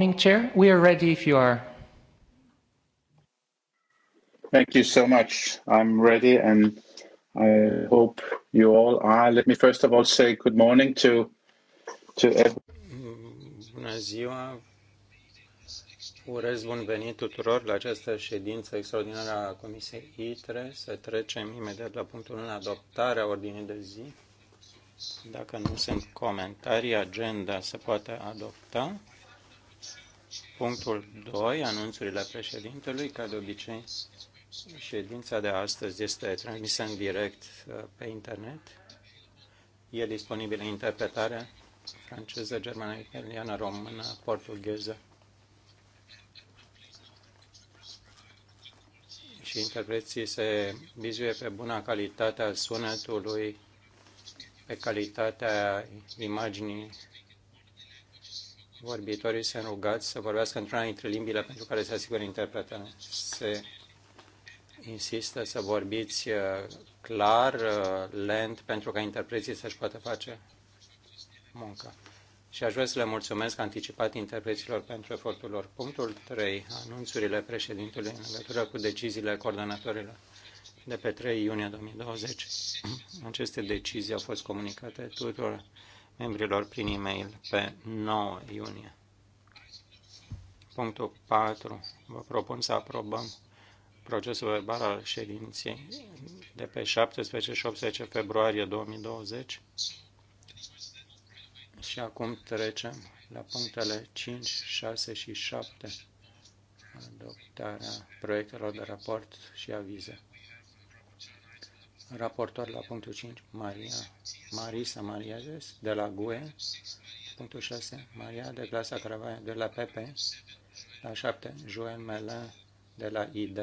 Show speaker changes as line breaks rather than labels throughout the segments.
Morning, Chair. We are ready if you are.
Thank you so much. I'm ready and I hope you all are. Let me first of all say good morning to, to everyone. Bună ziua! Urez bun venit tuturor la această ședință extraordinară a Comisiei ITRE. Să trecem imediat la punctul 1, adoptarea ordinii de zi. Dacă nu sunt comentarii, agenda se poate adopta. Punctul 2, anunțurile președintelui, ca de obicei, ședința de astăzi este transmisă în direct uh, pe internet. E disponibilă interpretarea franceză, germană, italiană, română, portugheză și interpreții se vizuie pe buna calitatea sunetului, pe calitatea imaginii vorbitorii sunt rugați să vorbească într-una dintre limbile pentru care se asigură interpretă. Se insistă să vorbiți uh, clar, uh, lent, pentru ca interpreții să-și poată face munca. Și aș vrea să le mulțumesc anticipat interpreților pentru efortul lor. Punctul 3. Anunțurile președintelui în legătură cu deciziile coordonatorilor de pe 3 iunie 2020. Aceste decizii au fost comunicate tuturor membrilor prin e-mail pe 9 iunie. Punctul 4. Vă propun să aprobăm procesul verbal al ședinței de pe 17 și 18 februarie 2020. Și acum trecem la punctele 5, 6 și 7, adoptarea proiectelor de raport și avize raportor la punctul 5, Maria, Marisa Maria de la GUE, punctul 6, Maria de Glasa Caravaia de la PP, la 7, Joel Mele de la ID.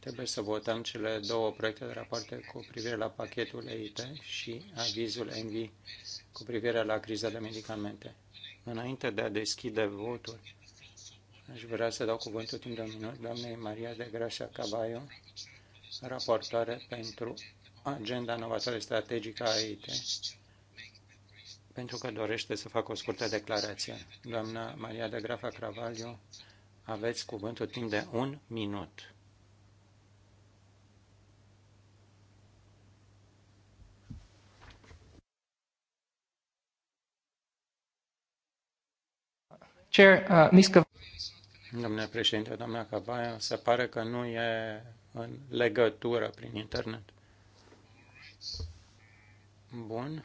Trebuie să votăm cele două proiecte de rapoarte cu privire la pachetul EIT și avizul ENVI cu privire la criza de medicamente. Înainte de a deschide votul, aș vrea să dau cuvântul timp de un minut doamnei Maria de Grașa Cabaiu raportare pentru agenda noastră strategică a IT, pentru că dorește să facă o scurtă declarație. Doamna Maria de Grafa Cravaliu, aveți cuvântul timp de un minut.
Chair, uh,
Domnule președinte, doamna Cavaia, se pare că nu e în legătură prin internet. Bun.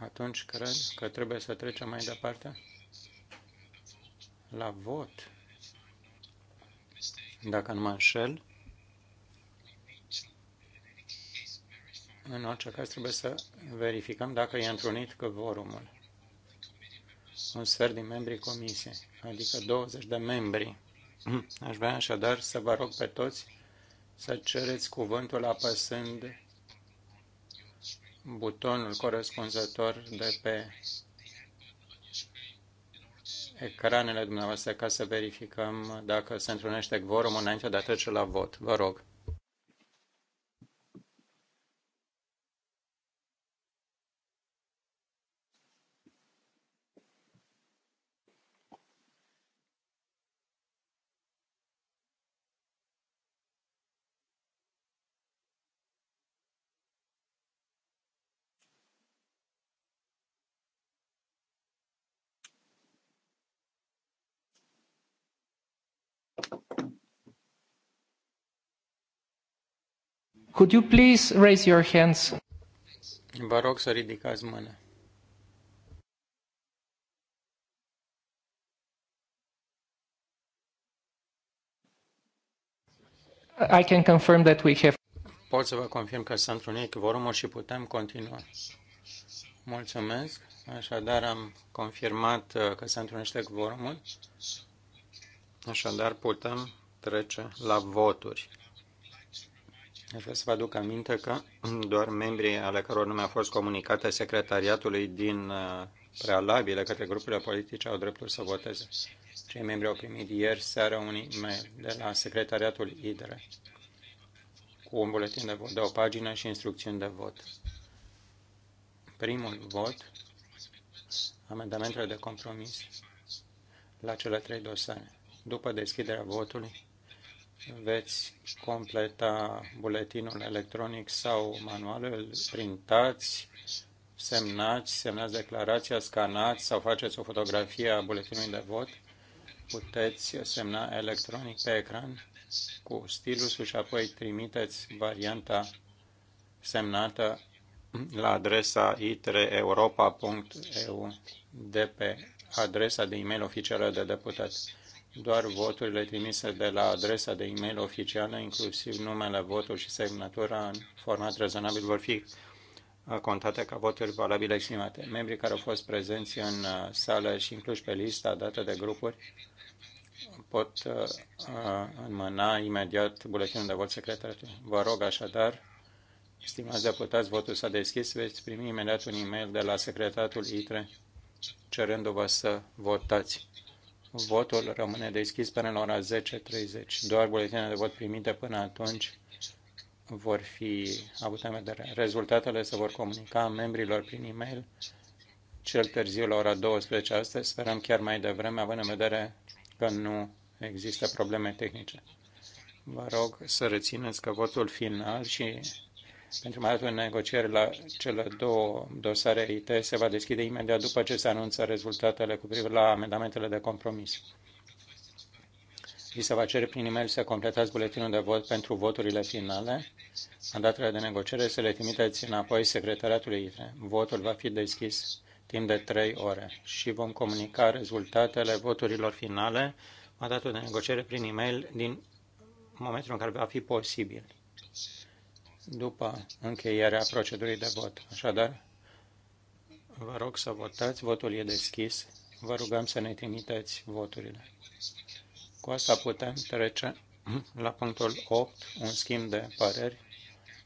Atunci cred că trebuie să trecem mai departe la vot. Dacă nu mă înșel, în orice caz trebuie să verificăm dacă e întrunit cvorumul. Un sfert din membrii comisiei, adică 20 de membri Aș vrea așadar să vă rog pe toți să cereți cuvântul apăsând butonul corespunzător de pe ecranele dumneavoastră ca să verificăm dacă se întrunește quorumul înainte de a trece la vot. Vă rog.
Could you please raise your hands?
Vă rog să ridicați mâna.
I can confirm that we have
Pot să vă confirm că sunt unit vorumul și putem continua. Mulțumesc. Așadar, am confirmat uh, că se întrunește vorumul. Așadar, putem trece la voturi. Vreau să vă aduc aminte că doar membrii ale căror nume a fost comunicată secretariatului din uh, prealabile către grupurile politice au dreptul să voteze. Cei membri au primit ieri seară un email de la secretariatul IDRE cu un buletin de vot de o pagină și instrucțiuni de vot. Primul vot, amendamentele de compromis la cele trei dosare. După deschiderea votului, veți completa buletinul electronic sau manualul, printați, semnați, semnați declarația, scanați sau faceți o fotografie a buletinului de vot. Puteți semna electronic pe ecran cu stilusul și apoi trimiteți varianta semnată la adresa itreeuropa.eu de pe adresa de e-mail oficială de deputat doar voturile trimise de la adresa de e-mail oficială, inclusiv numele, votul și semnătura în format rezonabil vor fi uh, contate ca voturi valabile exprimate. Membrii care au fost prezenți în uh, sală și incluși pe lista dată de grupuri pot uh, înmâna imediat buletinul de vot secretarului. Vă rog așadar, stimați deputați, votul s-a deschis, veți primi imediat un e-mail de la secretatul ITRE cerându-vă să votați. Votul rămâne deschis până la ora 10.30. Doar buletinele de vot primite până atunci vor fi avute în vedere. Rezultatele se vor comunica membrilor prin e-mail cel târziu la ora 12 astăzi. Sperăm chiar mai devreme, având în vedere că nu există probleme tehnice. Vă rog să rețineți că votul final și pentru în negocieri la cele două dosare IT se va deschide imediat după ce se anunță rezultatele cu privire la amendamentele de compromis. Vi se va cere prin e-mail să completați buletinul de vot pentru voturile finale. Mandatele de negociere să le trimiteți înapoi secretariatului IT. Votul va fi deschis timp de 3 ore și vom comunica rezultatele voturilor finale, mandatul de negociere prin e-mail din momentul în care va fi posibil după încheierea procedurii de vot. Așadar, vă rog să votați, votul e deschis, vă rugăm să ne trimiteți voturile. Cu asta putem trece la punctul 8, un schimb de păreri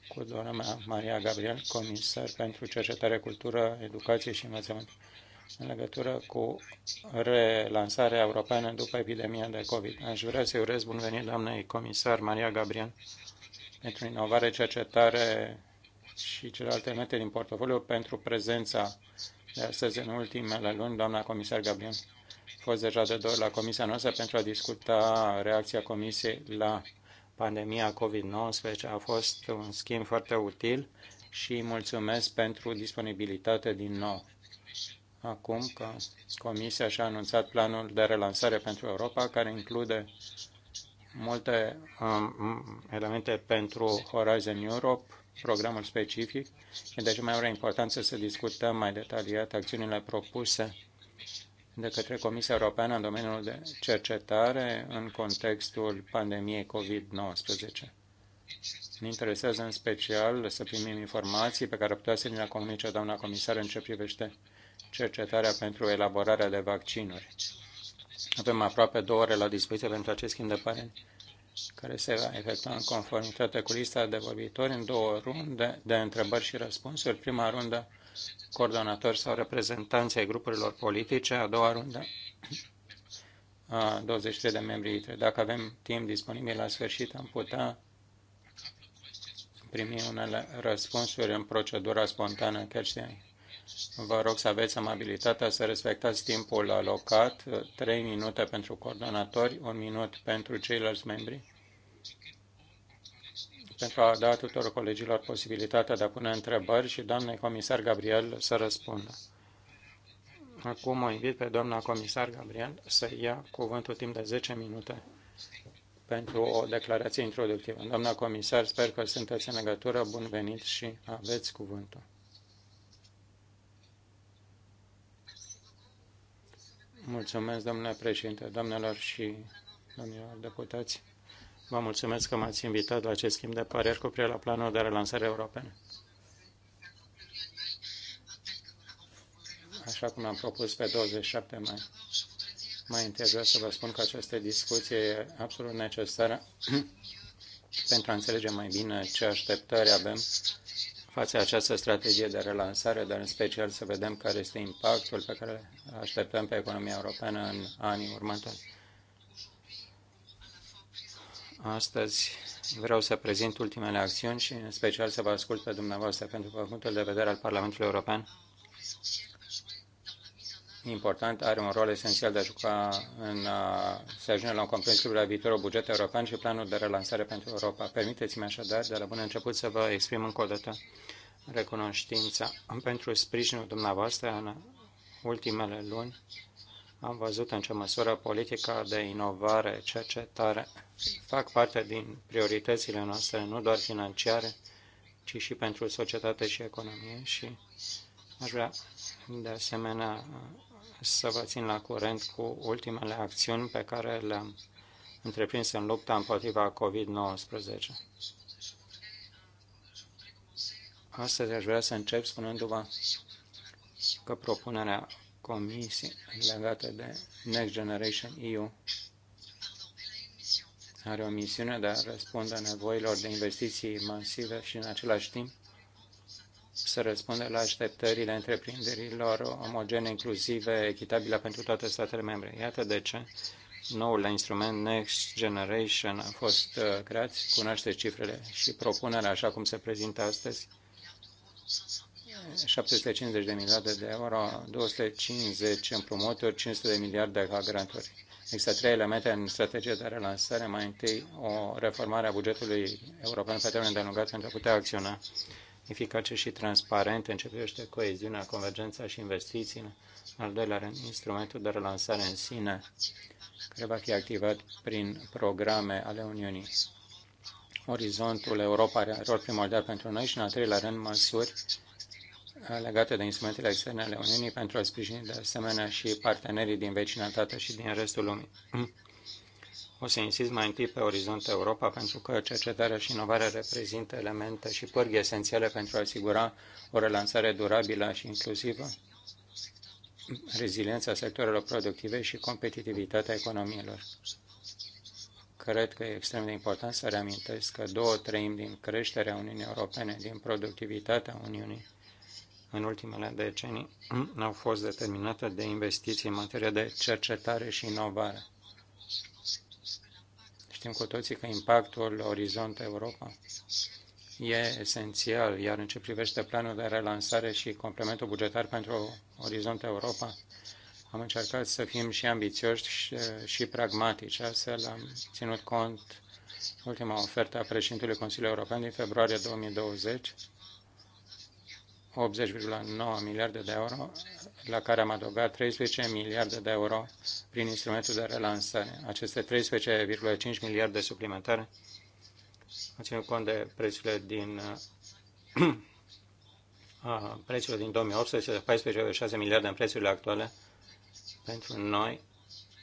cu doamna mea, Maria Gabriel, comisar pentru cercetare, cultură, educație și învățământ în legătură cu relansarea europeană după epidemia de COVID. Aș vrea să-i urez bun venit doamnei comisar Maria Gabriel pentru inovare, cercetare și celelalte elemente din portofoliu, pentru prezența de astăzi în ultimele luni, doamna comisar Gabriel a fost deja de două la comisia noastră pentru a discuta reacția comisiei la pandemia COVID-19. A fost un schimb foarte util și mulțumesc pentru disponibilitate din nou. Acum că Comisia și-a anunțat planul de relansare pentru Europa, care include multe um, elemente pentru Horizon Europe, programul specific, și de ce mai are importanță să discutăm mai detaliat acțiunile propuse de către Comisia Europeană în domeniul de cercetare în contextul pandemiei COVID-19. Ne interesează în special să primim informații pe care putea să ne le comunice doamna comisar în ce privește cercetarea pentru elaborarea de vaccinuri avem aproape două ore la dispoziție pentru acest schimb de pareri care se va efectua în conformitate cu lista de vorbitori în două runde de întrebări și răspunsuri. Prima rundă, coordonatori sau reprezentanții ai grupurilor politice, a doua rundă, 23 de membri. Dacă avem timp disponibil la sfârșit, am putea primi unele răspunsuri în procedura spontană, chiar și Vă rog să aveți amabilitatea să respectați timpul alocat, 3 minute pentru coordonatori, 1 minut pentru ceilalți membri,
pentru a da tuturor
colegilor posibilitatea de a pune întrebări și doamnei comisar Gabriel să răspundă. Acum o invit pe doamna comisar Gabriel să ia cuvântul timp de 10 minute pentru o declarație introductivă. Doamna comisar, sper că sunteți în legătură, bun venit și aveți cuvântul. Mulțumesc, domnule președinte, doamnelor și domnilor deputați. Vă mulțumesc că m-ați invitat la acest schimb de păreri cu privire la planul de relansare europene. Așa cum am propus pe 27 mai. Mai întâi vreau să vă spun că această discuție e absolut necesară pentru a înțelege mai bine ce așteptări avem Face această strategie de relansare, dar în special să vedem care este impactul pe care așteptăm pe economia europeană în anii următori. Astăzi vreau să prezint ultimele acțiuni și în special să vă ascult pe dumneavoastră pentru că punctul de vedere al Parlamentului European important, are un rol esențial de a juca în a uh, se ajunge la un compromis la viitorul buget european și planul de relansare pentru Europa. Permiteți-mi așadar, de la bun început, să vă exprim încă o dată recunoștința pentru sprijinul dumneavoastră în ultimele luni. Am văzut în ce măsură politica de inovare, cercetare fac parte din prioritățile noastre, nu doar financiare, ci și pentru societate și economie și aș vrea de asemenea să vă țin la curent cu ultimele acțiuni pe care le-am întreprins în lupta împotriva COVID-19. Astăzi aș vrea să încep spunându-vă că propunerea Comisiei legată de Next Generation EU are o misiune de a răspunde nevoilor de investiții masive și în același timp să răspundă la așteptările întreprinderilor omogene, inclusive, echitabile pentru toate statele membre. Iată de ce noul instrument Next Generation a fost uh, creat, cunoaște cifrele și propunerea, așa cum se prezintă astăzi, 750 de miliarde de euro, 250 împrumuturi, 500 de miliarde de granturi. Există trei elemente în strategia de relansare. Mai întâi, o reformare a bugetului european pe termen de lungat pentru a putea acționa eficace și transparente în ce privește coeziunea, convergența și investițiile. Al doilea rând, instrumentul de relansare în sine, care va fi activat prin programe ale Uniunii. Orizontul Europa are rol primordial pentru noi și, în al treilea rând, măsuri legate de instrumentele externe ale Uniunii pentru a sprijini de asemenea și partenerii din vecinătate și din restul lumii. O să insist mai întâi pe Orizont Europa, pentru că cercetarea și inovarea reprezintă elemente și pârghi esențiale pentru a asigura o relansare durabilă și inclusivă, reziliența sectorelor productive și competitivitatea economiilor. Cred că e extrem de important să reamintesc că două treimi din creșterea Uniunii Europene, din productivitatea Uniunii, în ultimele decenii, au fost determinate de investiții în materie de cercetare și inovare Știm cu toții că impactul Orizont Europa e esențial, iar în ce privește planul de relansare și complementul bugetar pentru Orizont Europa, am încercat să fim și ambițioși și, și pragmatici. Astfel am ținut cont ultima ofertă a președintelui Consiliului European din februarie 2020 80,9 miliarde de euro, la care am adăugat 13 miliarde de euro prin instrumentul de relansare. Aceste 13,5 miliarde suplimentare au ținut cont de prețurile din prețurile din 2018 de 14,6 miliarde în prețurile actuale. Pentru noi,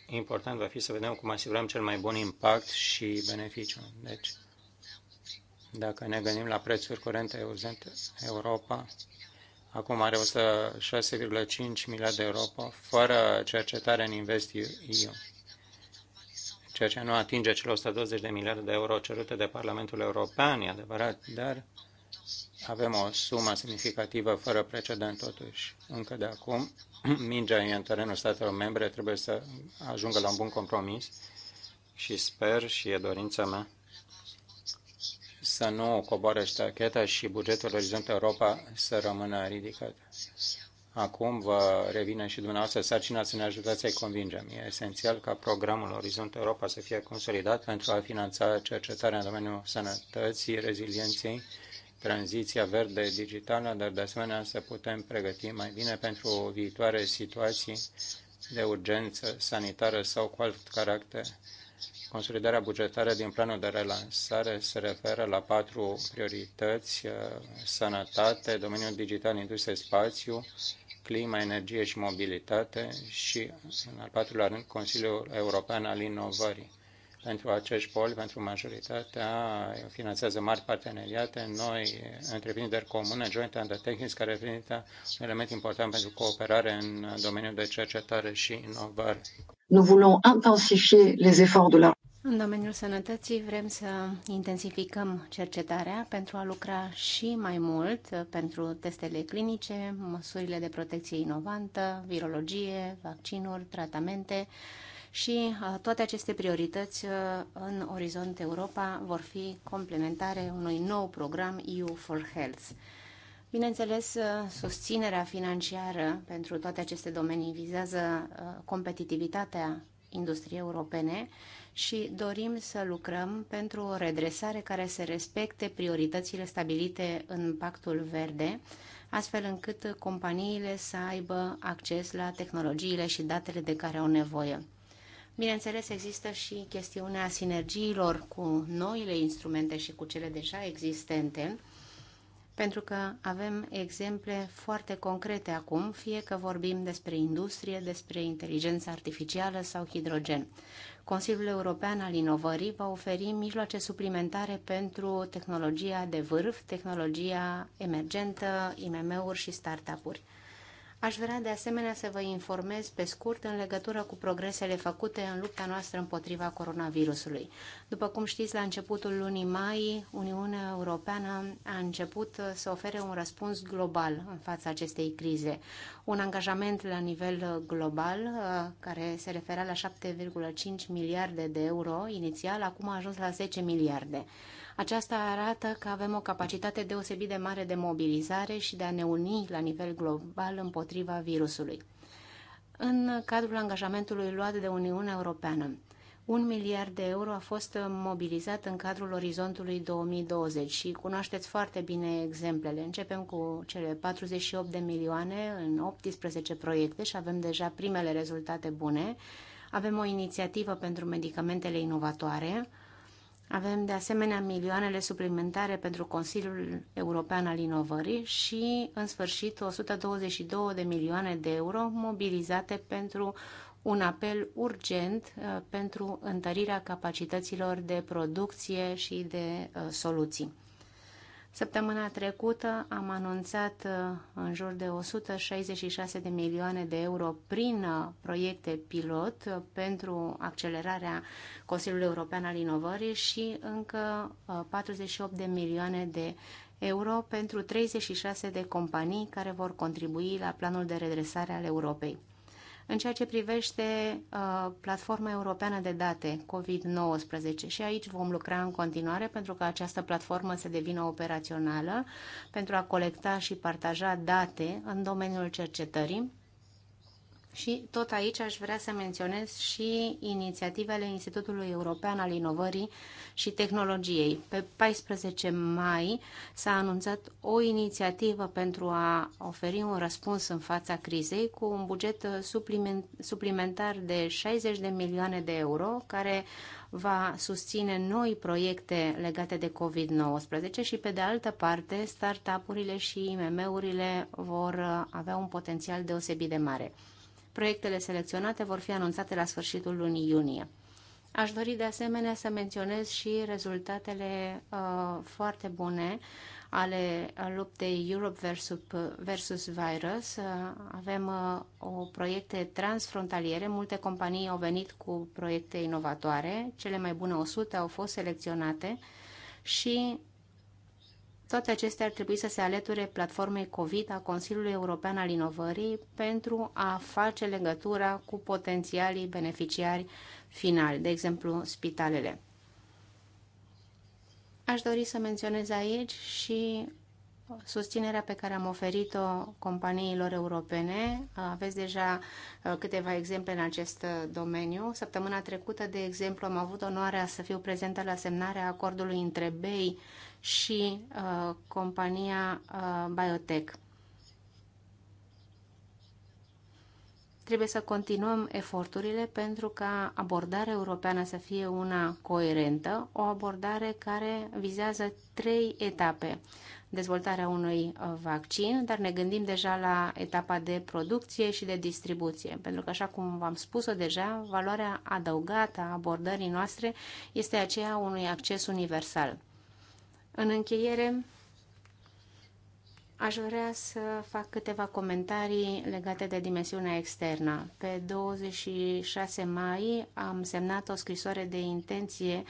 important va fi să vedem cum asigurăm cel mai bun impact și beneficiu. Deci, dacă ne gândim la prețuri curente, Europa acum are 106,5 miliarde de euro, fără cercetare în investiții. ceea ce nu atinge cele 120 de miliarde de euro cerute de Parlamentul European, e adevărat, dar avem o sumă semnificativă fără precedent totuși. Încă de acum, mingea e în terenul statelor membre, trebuie să ajungă la un bun compromis și sper și e dorința mea să nu coboare stacheta și bugetul Orizont Europa să rămână ridicat. Acum vă revine și dumneavoastră sarcina să ne ajutați să-i convingem. E esențial ca programul Orizont Europa să fie consolidat pentru a finanța cercetarea în domeniul sănătății, rezilienței, tranziția verde digitală, dar de asemenea să putem pregăti mai bine pentru viitoare situații de urgență sanitară sau cu alt caracter Consolidarea bugetară din planul de relansare se referă la patru priorități, uh, sănătate, domeniul digital, industrie, spațiu, clima, energie și mobilitate și, în al patrulea rând, Consiliul European al Inovării. Pentru acești poli, pentru majoritatea, finanțează mari parteneriate, noi întreprinderi comune, joint undertakings, care reprezintă un element important pentru cooperare în domeniul de cercetare și inovare.
Nous voulons
intensifier les efforts de la
în domeniul sănătății vrem să intensificăm cercetarea pentru a lucra și mai mult pentru testele clinice, măsurile de protecție inovantă, virologie, vaccinuri, tratamente și uh, toate aceste priorități uh, în Orizont Europa vor fi complementare unui nou program EU for Health. Bineînțeles, uh, susținerea financiară pentru toate aceste domenii vizează competitivitatea industriei europene, și dorim să lucrăm pentru o redresare care să respecte prioritățile stabilite în Pactul Verde, astfel încât companiile să aibă acces la tehnologiile și datele de care au nevoie. Bineînțeles, există și chestiunea sinergiilor cu noile instrumente și cu cele deja existente, pentru că avem exemple foarte concrete acum, fie că vorbim despre industrie, despre inteligență artificială sau hidrogen. Consiliul European al Inovării va oferi mijloace suplimentare pentru tehnologia de vârf, tehnologia emergentă, IMM-uri și startup-uri. Aș vrea de asemenea să vă informez pe scurt în legătură cu progresele făcute în lupta noastră împotriva coronavirusului. După cum știți, la începutul lunii mai, Uniunea Europeană a început să ofere un răspuns global în fața acestei crize. Un angajament la nivel global, uh, care se referea la 7,5 miliarde de euro inițial, acum a ajuns la 10 miliarde. Aceasta arată că avem o capacitate deosebit de mare de mobilizare și de a ne uni la nivel global împotriva virusului. În cadrul angajamentului luat de Uniunea Europeană, un miliard de euro a fost mobilizat în cadrul orizontului 2020 și cunoașteți foarte bine exemplele. Începem cu cele 48 de milioane în 18 proiecte și avem deja primele rezultate bune. Avem o inițiativă pentru medicamentele inovatoare, avem de asemenea milioanele suplimentare pentru Consiliul European al Inovării și, în sfârșit, 122 de milioane de euro mobilizate pentru un apel urgent uh, pentru întărirea capacităților de producție și de uh, soluții. Săptămâna trecută am anunțat uh, în jur de 166 de milioane de euro prin uh, proiecte pilot uh, pentru accelerarea Consiliului European al Inovării și încă 48 de milioane de euro pentru 36 de companii care vor contribui la planul de redresare al Europei în ceea ce privește uh, platforma europeană de date COVID-19 și aici vom lucra în continuare pentru că această platformă să devină operațională pentru a colecta și partaja date în domeniul cercetării și tot aici aș vrea să menționez și inițiativele Institutului European al Inovării și Tehnologiei. Pe 14 mai s-a anunțat o inițiativă pentru a oferi un răspuns în fața crizei cu un buget suplimentar de 60 de milioane de euro care va susține noi proiecte legate de COVID-19 și, pe de altă parte, startup-urile și IMM-urile vor avea un potențial deosebit de mare. Proiectele selecționate vor fi anunțate la sfârșitul lunii iunie. Aș dori de asemenea să menționez și rezultatele uh, foarte bune ale luptei Europe versus, versus Virus. Uh, avem uh, o proiecte transfrontaliere, multe companii au venit cu proiecte inovatoare, cele mai bune 100 au fost selecționate și toate acestea ar trebui să se alăture platformei COVID a Consiliului European al Inovării pentru a face legătura cu potențialii beneficiari finali, de exemplu spitalele. Aș dori să menționez aici și susținerea pe care am oferit-o companiilor europene. Aveți deja uh, câteva exemple în acest uh, domeniu. Săptămâna trecută, de exemplu, am avut onoarea să fiu prezentă la semnarea acordului între BEI și uh, compania uh, Biotech. Trebuie să continuăm eforturile pentru ca abordarea europeană să fie una coerentă, o abordare care vizează trei etape. Dezvoltarea unui uh, vaccin, dar ne gândim deja la etapa de producție și de distribuție, pentru că, așa cum v-am spus-o deja, valoarea adăugată a abordării noastre este aceea unui acces universal. În încheiere, Aș vrea să fac câteva comentarii legate de dimensiunea externă. Pe 26 mai am semnat o scrisoare de intenție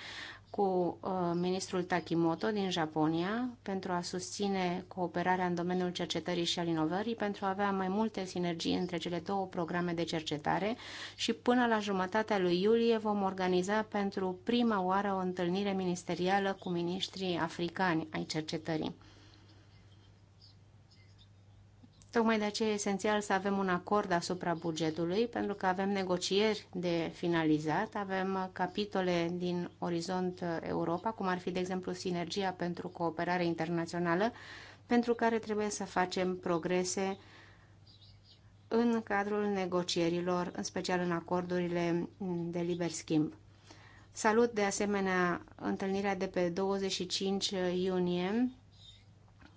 cu uh, ministrul Takimoto din Japonia pentru a susține cooperarea în domeniul cercetării și al inovării pentru a avea mai multe sinergii între cele două programe de cercetare și până la jumătatea lui iulie vom organiza pentru prima oară o întâlnire ministerială cu ministrii africani ai cercetării. Tocmai de aceea e esențial să avem un acord asupra bugetului, pentru că avem negocieri de finalizat, avem capitole din Orizont Europa, cum ar fi, de exemplu, sinergia pentru cooperare internațională, pentru care trebuie să facem progrese în cadrul negocierilor, în special în acordurile de liber schimb. Salut de asemenea întâlnirea de pe 25 iunie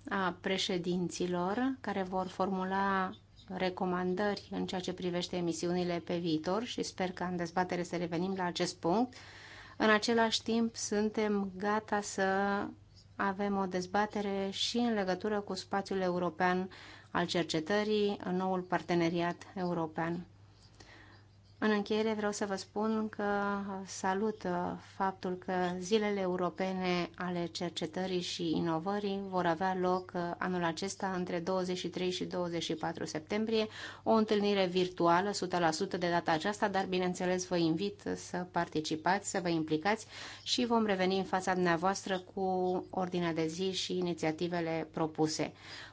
a președinților care vor formula recomandări în ceea ce privește emisiunile pe viitor și sper că în dezbatere să revenim la acest punct. În același timp, suntem gata să avem o dezbatere și în legătură cu spațiul european al cercetării, noul parteneriat european. În încheiere vreau să vă spun că salut uh, faptul că zilele europene ale cercetării și inovării vor avea loc uh, anul acesta între 23 și 24 septembrie, o întâlnire virtuală 100% de data aceasta, dar bineînțeles vă invit să participați, să vă implicați și vom reveni în fața dumneavoastră cu ordinea de zi și inițiativele propuse.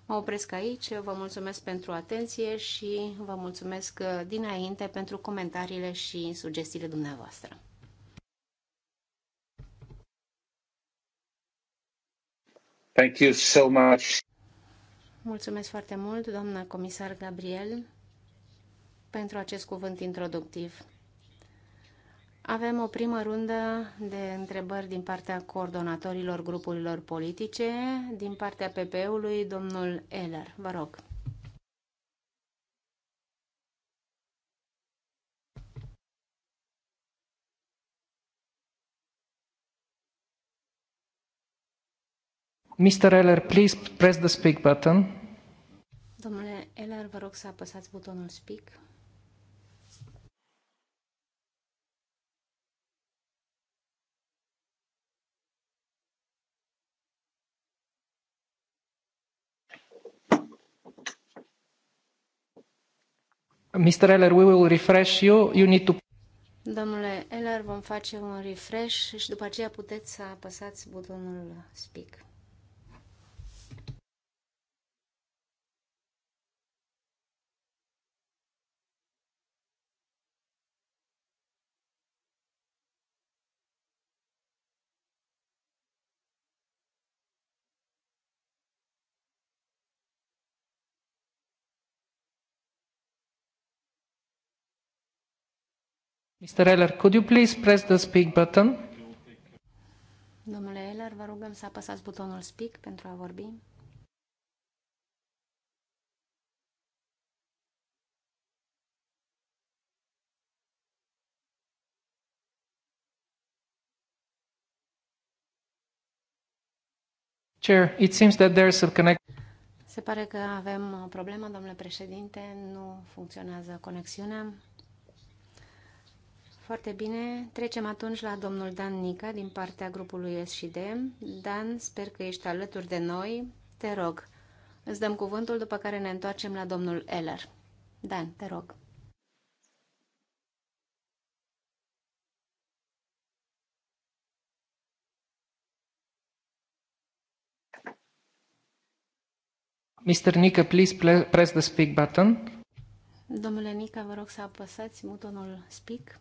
Mă opresc aici, vă mulțumesc pentru atenție și vă mulțumesc uh, dinainte pentru comentariile și sugestiile dumneavoastră.
Thank you so much.
Mulțumesc foarte mult, doamna comisar Gabriel, pentru acest cuvânt introductiv. Avem o primă rundă de întrebări din partea coordonatorilor grupurilor politice, din partea PP-ului, domnul Eller. Vă rog.
Mr. Eller, please press the speak button.
Domnule Eller, vă rog să apăsați butonul speak.
Mr. Eller, we will refresh you. You need to...
Domnule Eller, vom face un refresh și după aceea puteți să apăsați butonul speak.
Mr. Eller, could you please press the speak button?
Domnule Eller, vă rugăm să apăsați butonul speak pentru a vorbi.
Chair, it seems that a connect
se pare că avem o problemă, domnule președinte, nu funcționează conexiunea. Foarte bine. Trecem atunci la domnul Dan Nica din partea grupului SD. Dan, sper că ești alături de noi. Te rog, îți dăm cuvântul, după care ne întoarcem la domnul Eller. Dan, te rog.
Mr. Nica, please press the speak button.
Domnule Nica, vă rog să apăsați butonul speak.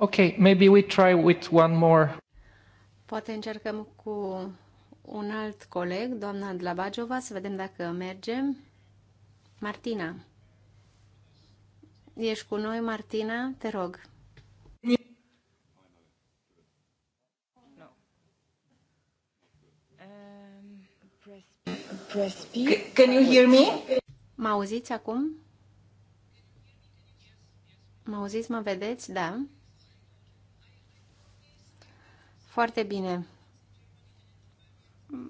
Ok, maybe we try with one more.
Poate încercăm cu un alt coleg, doamna Dlabajova, să vedem dacă mergem. Martina. Ești cu noi, Martina? Te rog. Can you hear me? Mă auziți acum? Mă auziți, mă vedeți? Da. Foarte bine.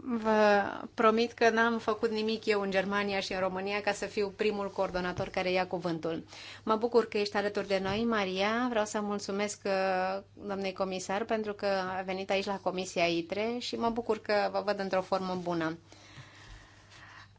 Vă promit că n-am făcut nimic eu în Germania și în România ca să fiu primul coordonator care ia cuvântul. Mă bucur că ești alături de noi, Maria. Vreau să mulțumesc uh, doamnei comisar pentru că a venit aici la Comisia ITRE și mă bucur că vă văd într-o formă bună.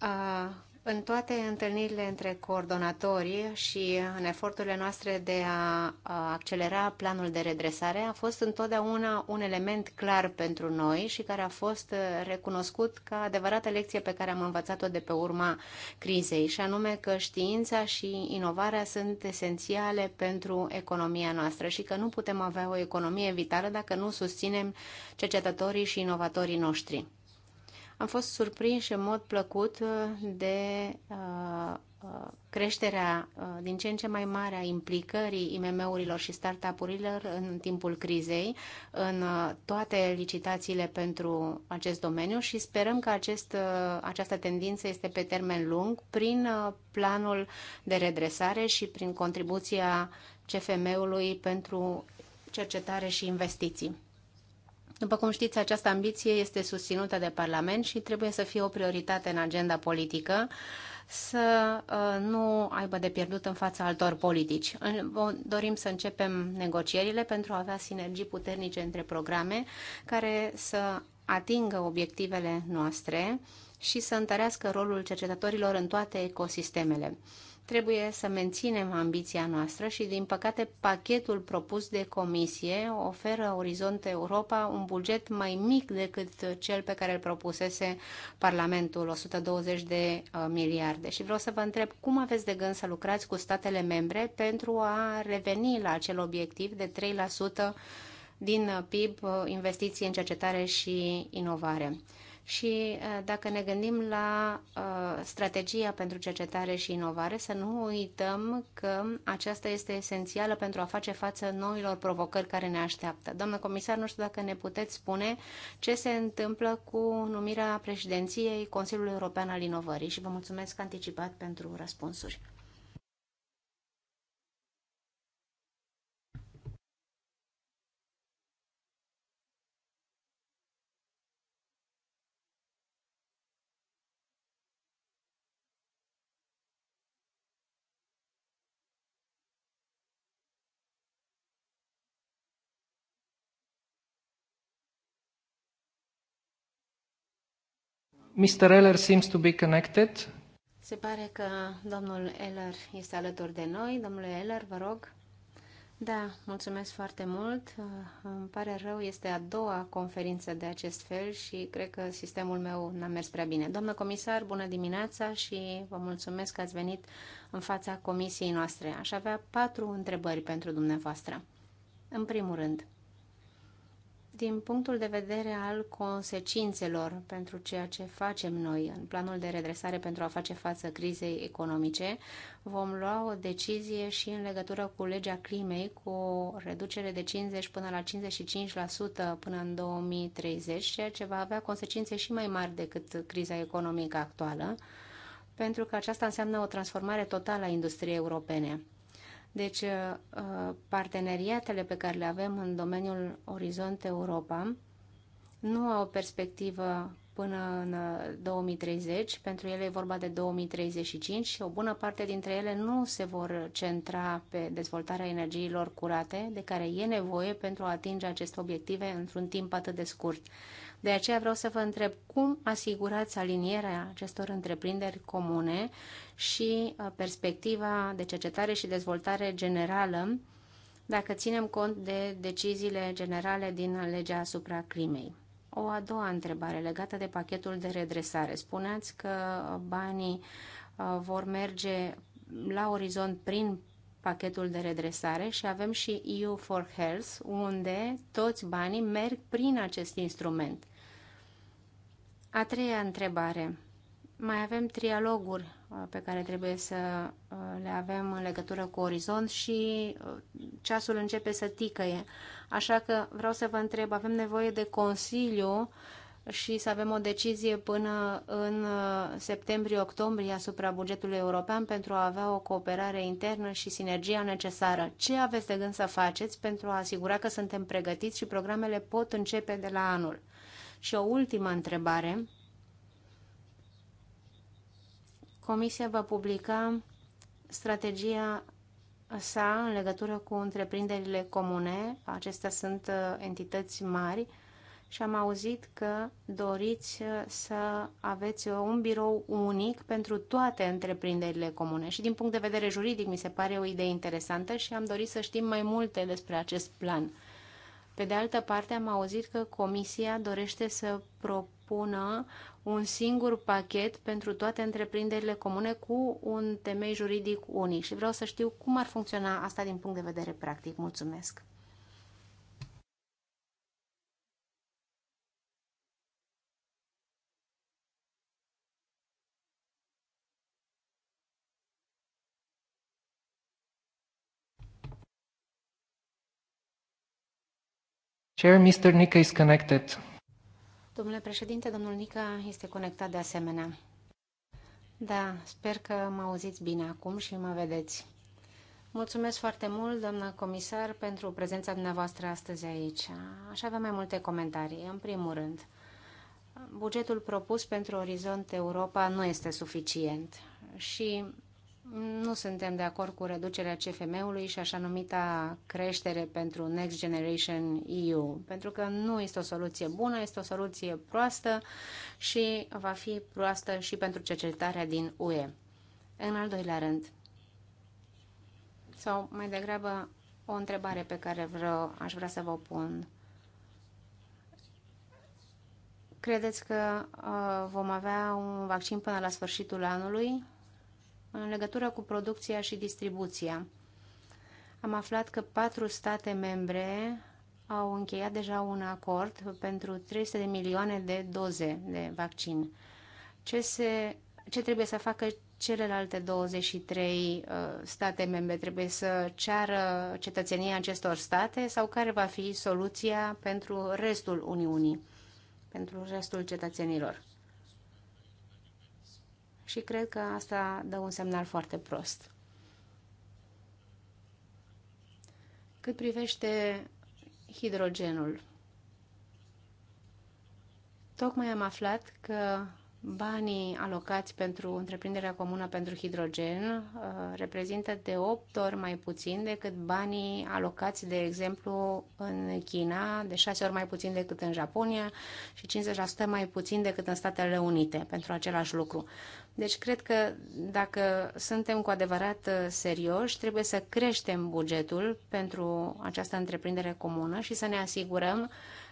Uh, în toate întâlnirile între coordonatori și în eforturile noastre de a accelera planul de redresare a fost întotdeauna un element clar pentru noi și care a fost recunoscut ca adevărată lecție pe care am învățat-o de pe urma crizei, și anume că știința și inovarea sunt esențiale pentru economia noastră și că nu putem avea o economie vitală dacă nu susținem cercetătorii și inovatorii noștri. Am fost surprinși în mod plăcut uh, de uh, uh, creșterea din ce în ce mai mare a implicării IMM-urilor și startup-urilor în timpul crizei în toate licitațiile pentru acest domeniu și sperăm că acest, această tendință este pe termen lung prin planul de redresare și prin contribuția CFM-ului pentru cercetare și investiții. După cum știți, această ambiție este susținută de Parlament și trebuie să fie o prioritate în agenda politică să uh, nu aibă de pierdut în fața altor politici. Dorim să începem negocierile pentru a avea sinergii puternice între programe care să atingă obiectivele noastre și să întărească rolul cercetătorilor în toate ecosistemele trebuie să menținem ambiția noastră și, din păcate, pachetul propus de comisie oferă Orizont Europa un buget mai mic decât cel pe care îl propusese Parlamentul, 120 de uh, miliarde. Și vreau să vă întreb cum aveți de gând să lucrați cu statele membre pentru a reveni la acel obiectiv de 3% din uh, PIB uh, investiții în cercetare și inovare și uh, dacă ne gândim la uh, strategia pentru cercetare și inovare, să nu uităm că aceasta este esențială pentru a face față noilor provocări care ne așteaptă. Doamnă comisar, nu știu dacă ne puteți spune ce se întâmplă cu numirea președinției Consiliului European al Inovării și vă mulțumesc anticipat pentru răspunsuri.
Mr. Eller seems to be connected.
Se pare că domnul Eller este alături de noi. Domnule Eller, vă rog. Da, mulțumesc foarte mult. Uh, îmi pare rău, este a doua conferință de acest fel și cred că sistemul meu n-a mers prea bine. Doamnă comisar, bună dimineața și vă mulțumesc că ați venit în fața comisiei noastre. Aș avea patru întrebări pentru dumneavoastră. În primul rând, din punctul de vedere al consecințelor pentru ceea ce facem noi în planul de redresare pentru a face față crizei economice, vom lua o decizie și în legătură cu legea climei cu o reducere de 50 până la 55% până în 2030, ceea ce va avea consecințe și mai mari decât criza economică actuală, pentru că aceasta înseamnă o transformare totală a industriei europene. Deci, uh, uh, parteneriatele pe care le avem în domeniul Orizont Europa nu au o perspectivă până în 2030, uh, pentru ele e vorba de 2035 și o bună parte dintre ele nu se vor centra pe dezvoltarea energiilor curate, de care e nevoie pentru a atinge aceste obiective într-un timp atât de scurt. De aceea vreau să vă întreb cum asigurați alinierea acestor întreprinderi comune și uh, perspectiva de cercetare și dezvoltare generală dacă ținem cont de deciziile generale din legea asupra crimei. O a doua întrebare legată de pachetul de redresare. Spuneați că uh, banii uh, vor merge la orizont prin pachetul de redresare și avem și EU for Health, unde toți banii merg prin acest instrument. A treia întrebare. Mai avem trialoguri uh, pe care trebuie să uh, le avem în legătură cu Orizont și uh, ceasul începe să ticăie. Așa că vreau să vă întreb, avem nevoie de Consiliu și să avem o decizie până în septembrie-octombrie asupra bugetului european pentru a avea o cooperare internă și sinergia necesară. Ce aveți de gând să faceți pentru a asigura că suntem pregătiți și programele pot începe de la anul? Și o ultimă întrebare. Comisia va publica strategia sa în legătură cu întreprinderile comune. Acestea sunt uh, entități mari și am auzit că doriți uh, să aveți uh, un birou unic pentru toate întreprinderile comune și din punct de vedere juridic mi se pare o idee interesantă și am dorit să știm mai multe despre acest plan. Pe de altă parte, am auzit că Comisia dorește să propună un singur pachet pentru toate întreprinderile comune cu un temei juridic unic și vreau să știu cum ar funcționa asta din punct de vedere practic. Mulțumesc!
Chair, Mr. Nica is connected.
Domnule președinte, domnul Nica este conectat de asemenea. Da, sper că mă auziți bine acum și mă vedeți. Mulțumesc foarte mult, doamnă comisar, pentru prezența dumneavoastră astăzi aici. Aș avea mai multe comentarii. În primul rând, bugetul propus pentru Orizont Europa nu este suficient și nu suntem de acord cu reducerea CFM-ului și așa numita creștere pentru Next Generation EU, pentru că nu este o soluție bună, este o soluție proastă și va fi proastă și pentru cercetarea din UE. În al doilea rând, sau mai degrabă o întrebare pe care vreau, aș vrea să vă pun. Credeți că uh, vom avea un vaccin până la sfârșitul anului? în legătură cu producția și distribuția. Am aflat că patru state membre au încheiat deja un acord pentru 300 de milioane de doze de vaccin. Ce, se, ce trebuie să facă celelalte 23 uh, state membre? Trebuie să ceară cetățenia acestor state sau care va fi soluția pentru restul Uniunii, pentru restul cetățenilor? și cred că asta dă un semnal foarte prost. Cât privește hidrogenul, tocmai am aflat că banii alocați pentru întreprinderea comună pentru hidrogen uh, reprezintă de 8 ori mai puțin decât banii alocați, de exemplu, în China, de 6 ori mai puțin decât în Japonia și 50% mai puțin decât în Statele Unite pentru același lucru. Deci cred că dacă suntem cu adevărat uh, serioși, trebuie să creștem bugetul pentru această întreprindere comună și să ne asigurăm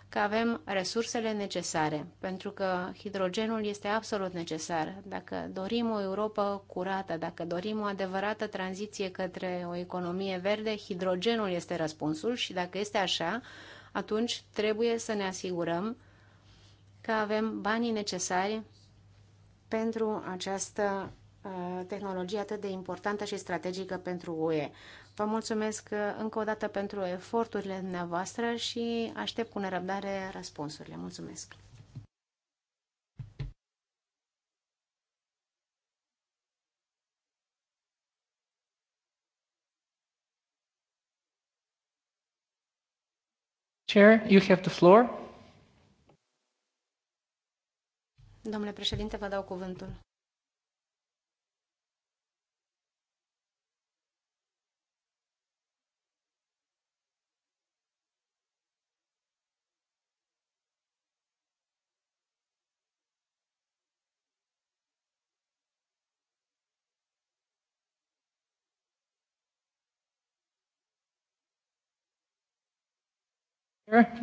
că avem resursele necesare, pentru că hidrogenul este absolut necesar. Dacă dorim o Europa curată, dacă dorim o adevărată tranziție către o economie verde, hidrogenul este răspunsul și dacă este așa, atunci trebuie să ne asigurăm că avem banii necesari pentru această uh, tehnologie atât de importantă și strategică pentru UE. Vă mulțumesc uh, încă o dată pentru eforturile dumneavoastră și aștept cu nerăbdare răspunsurile. Mulțumesc!
Chair, you have the floor.
Domnule președinte, vă dau cuvântul.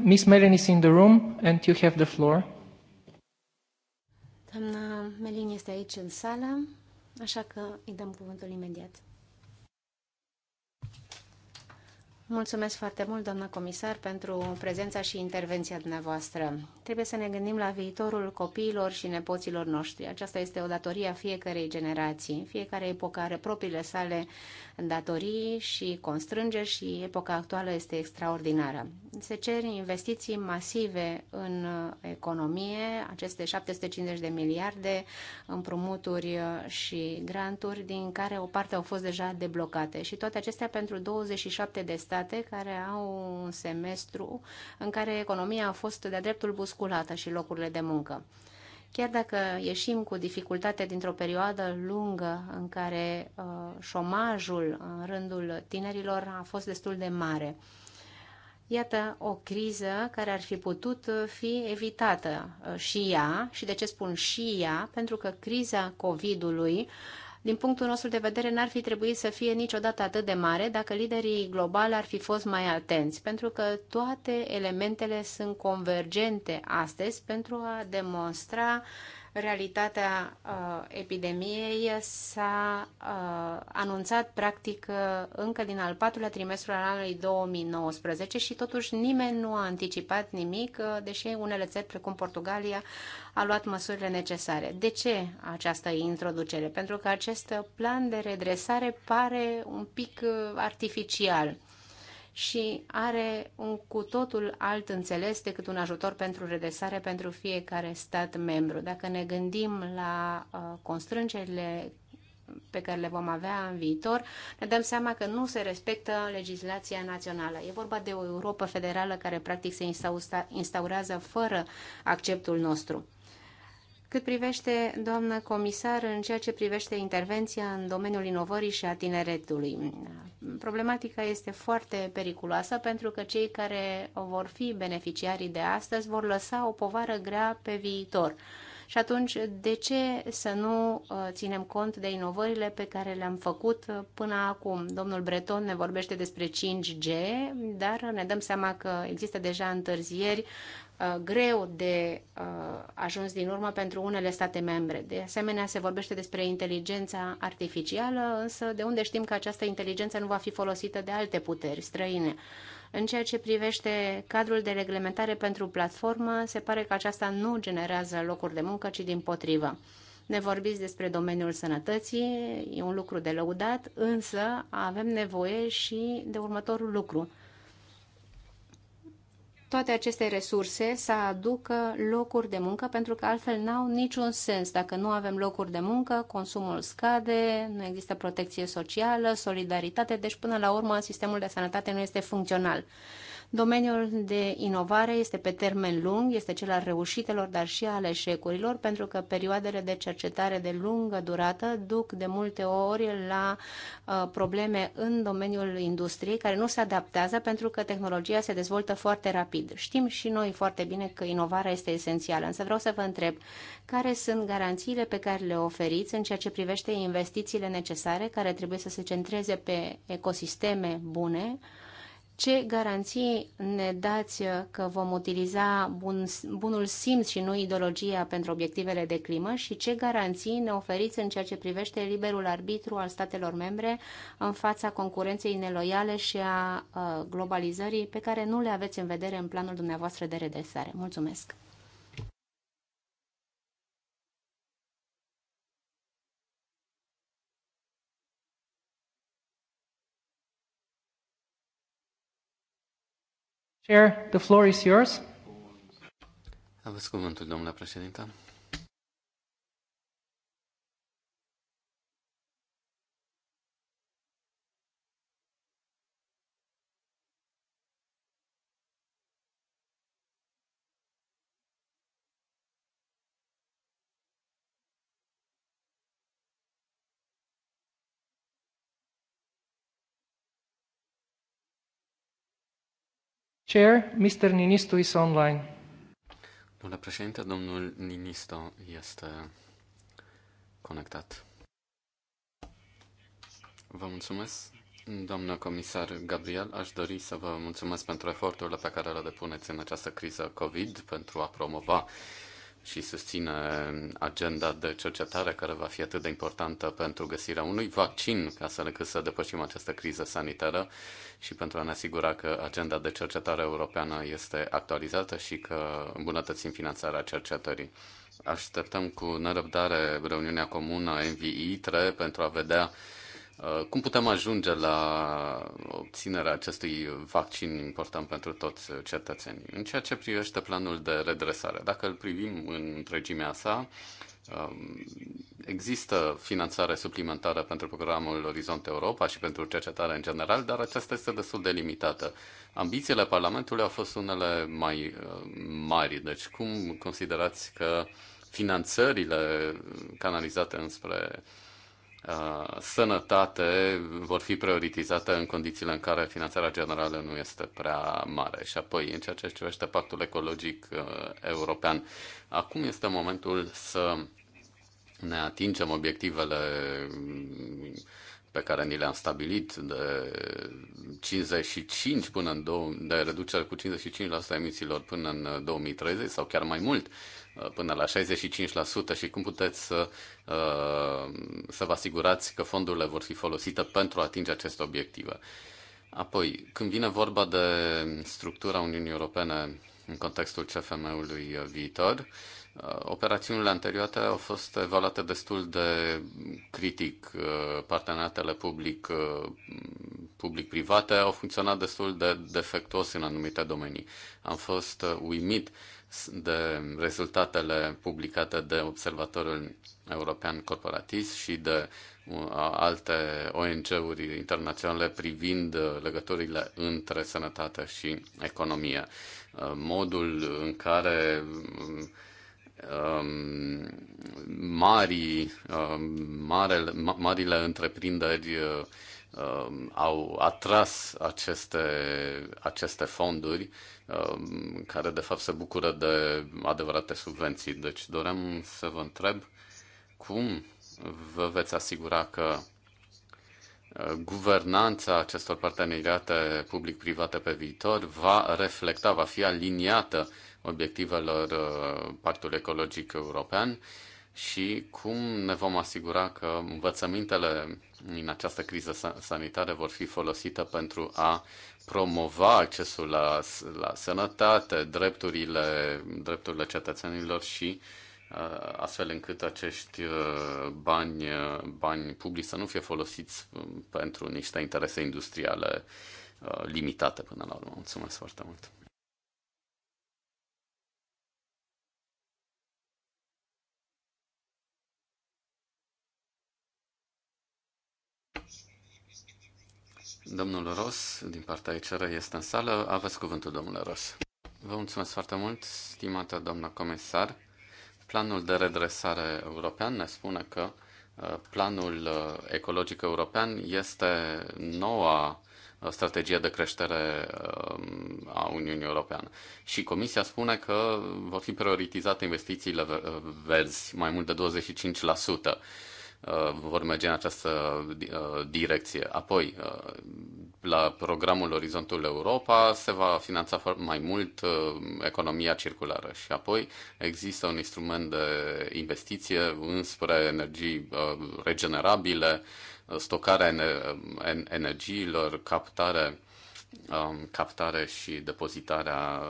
Miss Melanie is in the room and you have the floor.
Melin este aici în sală, așa că îi dăm cuvântul imediat. Mulțumesc foarte mult, doamnă comisar, pentru prezența și intervenția dumneavoastră. Trebuie să ne gândim la viitorul copiilor și nepoților noștri. Aceasta este o datorie a fiecarei generații. Fiecare epocă are propriile sale datorii și constrângeri și epoca actuală este extraordinară. Se cer investiții masive în economie, aceste 750 de miliarde împrumuturi și granturi, din care o parte au fost deja deblocate. Și toate acestea pentru 27 de state state care au un semestru în care economia a fost de-a dreptul busculată și locurile de muncă. Chiar dacă ieșim cu dificultate dintr-o perioadă lungă în care uh, șomajul în rândul tinerilor a fost destul de mare, Iată o criză care ar fi putut fi evitată uh, și ea, și de ce spun și ea, pentru că criza COVID-ului din punctul nostru de vedere, n-ar fi trebuit să fie niciodată atât de mare dacă liderii globali ar fi fost mai atenți, pentru că toate elementele sunt convergente astăzi pentru a demonstra realitatea uh, epidemiei s-a uh, anunțat practic uh, încă din al patrulea trimestru al anului 2019 și totuși nimeni nu a anticipat nimic, uh, deși unele țări, precum Portugalia, a luat măsurile necesare. De ce această introducere? Pentru că acest plan de redresare pare un pic uh, artificial și are un cu totul alt înțeles decât un ajutor pentru redresare pentru fiecare stat membru. Dacă ne gândim la uh, constrângerile pe care le vom avea în viitor, ne dăm seama că nu se respectă legislația națională. E vorba de o Europa federală care practic se instaurează fără acceptul nostru. Cât privește, doamnă comisar, în ceea ce privește intervenția în domeniul inovării și a tineretului, problematica este foarte periculoasă pentru că cei care vor fi beneficiarii de astăzi vor lăsa o povară grea pe viitor. Și atunci, de ce să nu uh, ținem cont de inovările pe care le-am făcut uh, până acum? Domnul Breton ne vorbește despre 5G, dar ne dăm seama că există deja întârzieri Uh, greu de uh, ajuns din urmă pentru unele state membre. De asemenea, se vorbește despre inteligența artificială, însă de unde știm că această inteligență nu va fi folosită de alte puteri străine? În ceea ce privește cadrul de reglementare pentru platformă, se pare că aceasta nu generează locuri de muncă, ci din potrivă. Ne vorbiți despre domeniul sănătății, e un lucru de lăudat, însă avem nevoie și de următorul lucru – toate aceste resurse să aducă locuri de muncă, pentru că altfel n-au niciun sens. Dacă nu avem locuri de muncă, consumul scade, nu există protecție socială, solidaritate, deci până la urmă sistemul de sănătate nu este funcțional. Domeniul de inovare este pe termen lung, este cel al reușitelor, dar și al eșecurilor, pentru că perioadele de cercetare de lungă durată duc de multe ori la uh, probleme în domeniul industriei care nu se adaptează pentru că tehnologia se dezvoltă foarte rapid. Știm și noi foarte bine că inovarea este esențială, însă vreau să vă întreb care sunt garanțiile pe care le oferiți în ceea ce privește investițiile necesare care trebuie să se centreze pe ecosisteme bune, ce garanții ne dați că vom utiliza bun, bunul simț și nu ideologia pentru obiectivele de climă și ce garanții ne oferiți în ceea ce privește liberul arbitru al statelor membre în fața concurenței neloiale și a uh, globalizării pe care nu le aveți în vedere în planul dumneavoastră de redresare? Mulțumesc!
Chair, the floor is yours.
Aveți cuvântul, domnule președinte.
Chair, Mr. Ninistu is online.
Domnule președinte, domnul Ninisto este conectat. Vă mulțumesc. Doamnă comisar Gabriel, aș dori să vă mulțumesc pentru eforturile pe care le depuneți în această criză COVID pentru a promova uh, și susține agenda de cercetare care va fi atât de importantă pentru găsirea unui vaccin ca să ne cât să depășim această criză sanitară și pentru a ne asigura că agenda de cercetare europeană este actualizată și că îmbunătățim finanțarea cercetării. Așteptăm cu nerăbdare reuniunea comună MVI3 pentru a vedea Uh, cum putem ajunge la obținerea acestui vaccin important pentru toți cetățenii? În ceea ce privește planul de redresare, dacă îl privim în întregimea sa, um, Există finanțare suplimentară pentru programul Orizont Europa și pentru cercetare în general, dar aceasta este destul de limitată. Ambițiile Parlamentului au fost unele mai uh, mari, deci cum considerați că finanțările canalizate înspre Uh, sănătate vor fi prioritizate în condițiile în care finanțarea generală nu este prea mare. Și apoi, în ceea ce privește pactul ecologic uh, european, acum este momentul să ne atingem obiectivele mm, pe care ni le-am stabilit de 55 până în două, de reducere cu 55% emisiilor până în 2030 sau chiar mai mult Uh, până la 65% și cum puteți să, uh, să vă asigurați că fondurile vor fi folosite pentru a atinge aceste obiective. Apoi, când vine vorba de structura Uniunii Europene în contextul CFM-ului viitor, uh, operațiunile anterioare au fost evaluate destul de critic. Parteneratele public, public-private au funcționat destul de defectuos în anumite domenii. Am fost uimit uh, de rezultatele publicate de Observatorul European Corporatist și de uh, alte ONG-uri internaționale privind uh, legăturile între sănătate și economie. Uh, modul în care um, um mari, um, marele, marile întreprinderi Um, au atras aceste, aceste fonduri um, care de fapt se bucură de adevărate subvenții. Deci doream să vă întreb cum vă veți asigura că uh, guvernanța acestor parteneriate public-private pe viitor va reflecta, va fi aliniată obiectivelor uh, Pactului Ecologic European și cum ne vom asigura că învățămintele în această criză sanitară vor fi folosite pentru a promova accesul la, la sănătate, drepturile, drepturile cetățenilor și uh, astfel încât acești uh, bani, uh, bani publici să nu fie folosiți um, pentru niște interese industriale limitate până la urmă. Mulțumesc foarte mult! Domnul Ros, din partea ICR, este în sală. Aveți cuvântul, domnule Ros. Vă mulțumesc foarte mult, stimată doamnă comisar. Planul de redresare european ne spune că uh, planul uh, ecologic european este noua uh, strategie de creștere a Uniunii Europeane. Și Comisia spune că vor fi prioritizate investițiile verzi, mai mult de 25%. Uh, vor merge în această uh, direcție. Apoi, uh, la programul Orizontul Europa se va finanța mai mult economia circulară și apoi există un instrument de investiție înspre energii regenerabile, stocarea energiilor, captare um, captare și depozitarea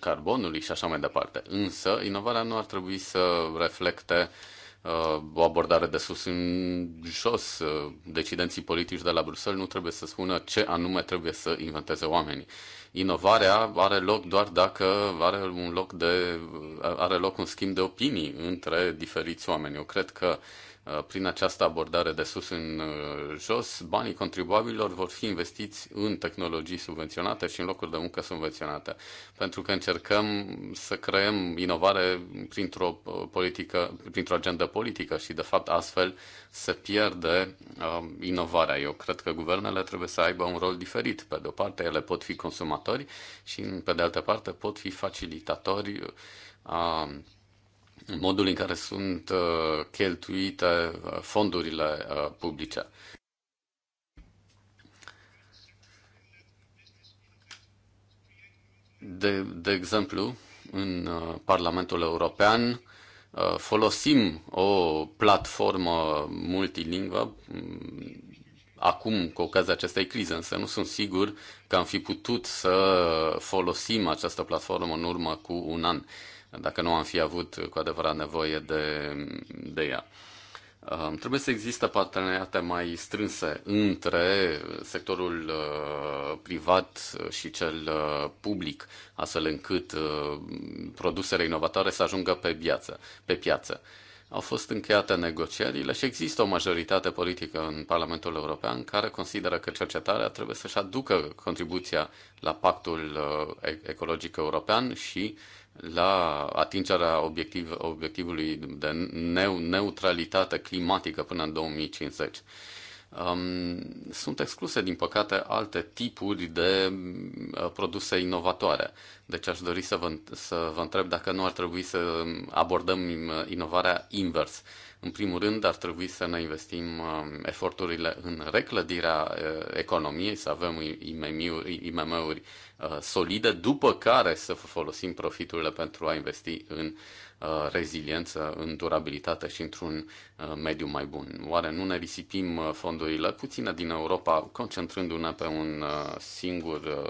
carbonului și așa mai departe. Însă, inovarea nu ar trebui să reflecte uh, Uh, o abordare de sus în jos. Uh, decidenții politici de la Bruxelles nu trebuie să spună ce anume trebuie să inventeze oamenii. Inovarea are loc doar dacă are, un loc de, are loc un schimb de opinii între diferiți oameni. Eu cred că Uh, prin această abordare de sus în uh, jos, banii contribuabililor vor fi investiți în tehnologii subvenționate și în locuri de muncă subvenționate. Pentru că încercăm să creăm inovare printr-o uh, politică, printr-o agendă politică și, de fapt, astfel se pierde uh, inovarea. Eu cred că guvernele trebuie să aibă un rol diferit. Pe de o parte, ele pot fi consumatori și, pe de altă parte, pot fi facilitatori a uh, modul în care sunt uh, cheltuite uh, fondurile uh, publice. De, de exemplu, în Parlamentul European folosim o platformă multilingvă mm, acum cu ocazia acestei crize, însă nu sunt sigur că am fi putut să folosim această platformă în urmă cu un an dacă nu am fi avut cu adevărat nevoie de, de ea. Um, trebuie să există parteneriate mai strânse între sectorul uh, privat uh, și cel uh, public, astfel încât produsele inovatoare să ajungă pe piață. Pe piață. Au fost încheiate negocierile și există o majoritate politică în Parlamentul European care consideră că cercetarea trebuie să-și aducă contribuția la pactul ecologic european și la atingerea obiectiv, obiectivului de neutralitate climatică până în 2050. Um, sunt excluse, din păcate, alte tipuri de uh, produse inovatoare. Deci aș dori să vă, să vă întreb dacă nu ar trebui să abordăm uh, inovarea invers. Uh, în primul rând, ar trebui să ne investim um, eforturile în reclădirea uh, economiei, să avem IMM-uri, uh, solide, după care să folosim profiturile pentru a investi în uh, reziliență, în durabilitate și într-un mediu mai bun. Oare nu ne risipim fondurile puține din Europa, concentrându-ne pe un singur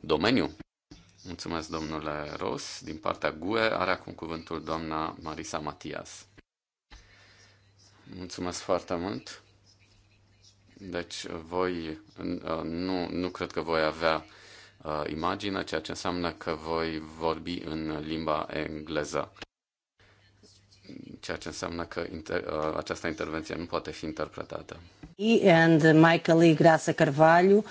domeniu? Mulțumesc, domnule Ros. Din partea GUE are acum cuvântul doamna Marisa Matias. Mulțumesc foarte mult. Deci voi, uh, nu, nu cred că voi avea uh, imagine, ceea ce înseamnă că voi vorbi în limba engleză. Ceea ce înseamnă că inter, uh, această intervenție nu poate fi interpretată.
And my colleague Graça Carvalho,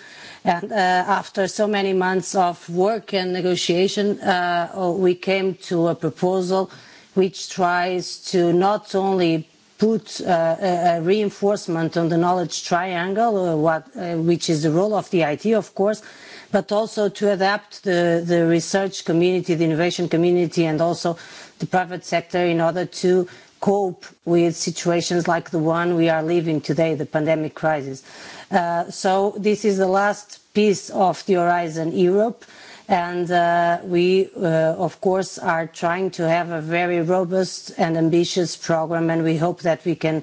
and uh, after so many months of work and negotiation, uh, we came to a proposal which tries to not only put uh, a, uh, a uh, reinforcement on the knowledge triangle, uh, what, uh, which is the role of the IT, of course, but also to adapt the, the research community, the innovation community, and also the private sector in order to cope with situations like the one we are living today, the pandemic crisis. Uh, so this is the last piece of the Horizon Europe. Uh, And uh, we, uh, of course, are trying to have a very robust and ambitious program, and we hope that we can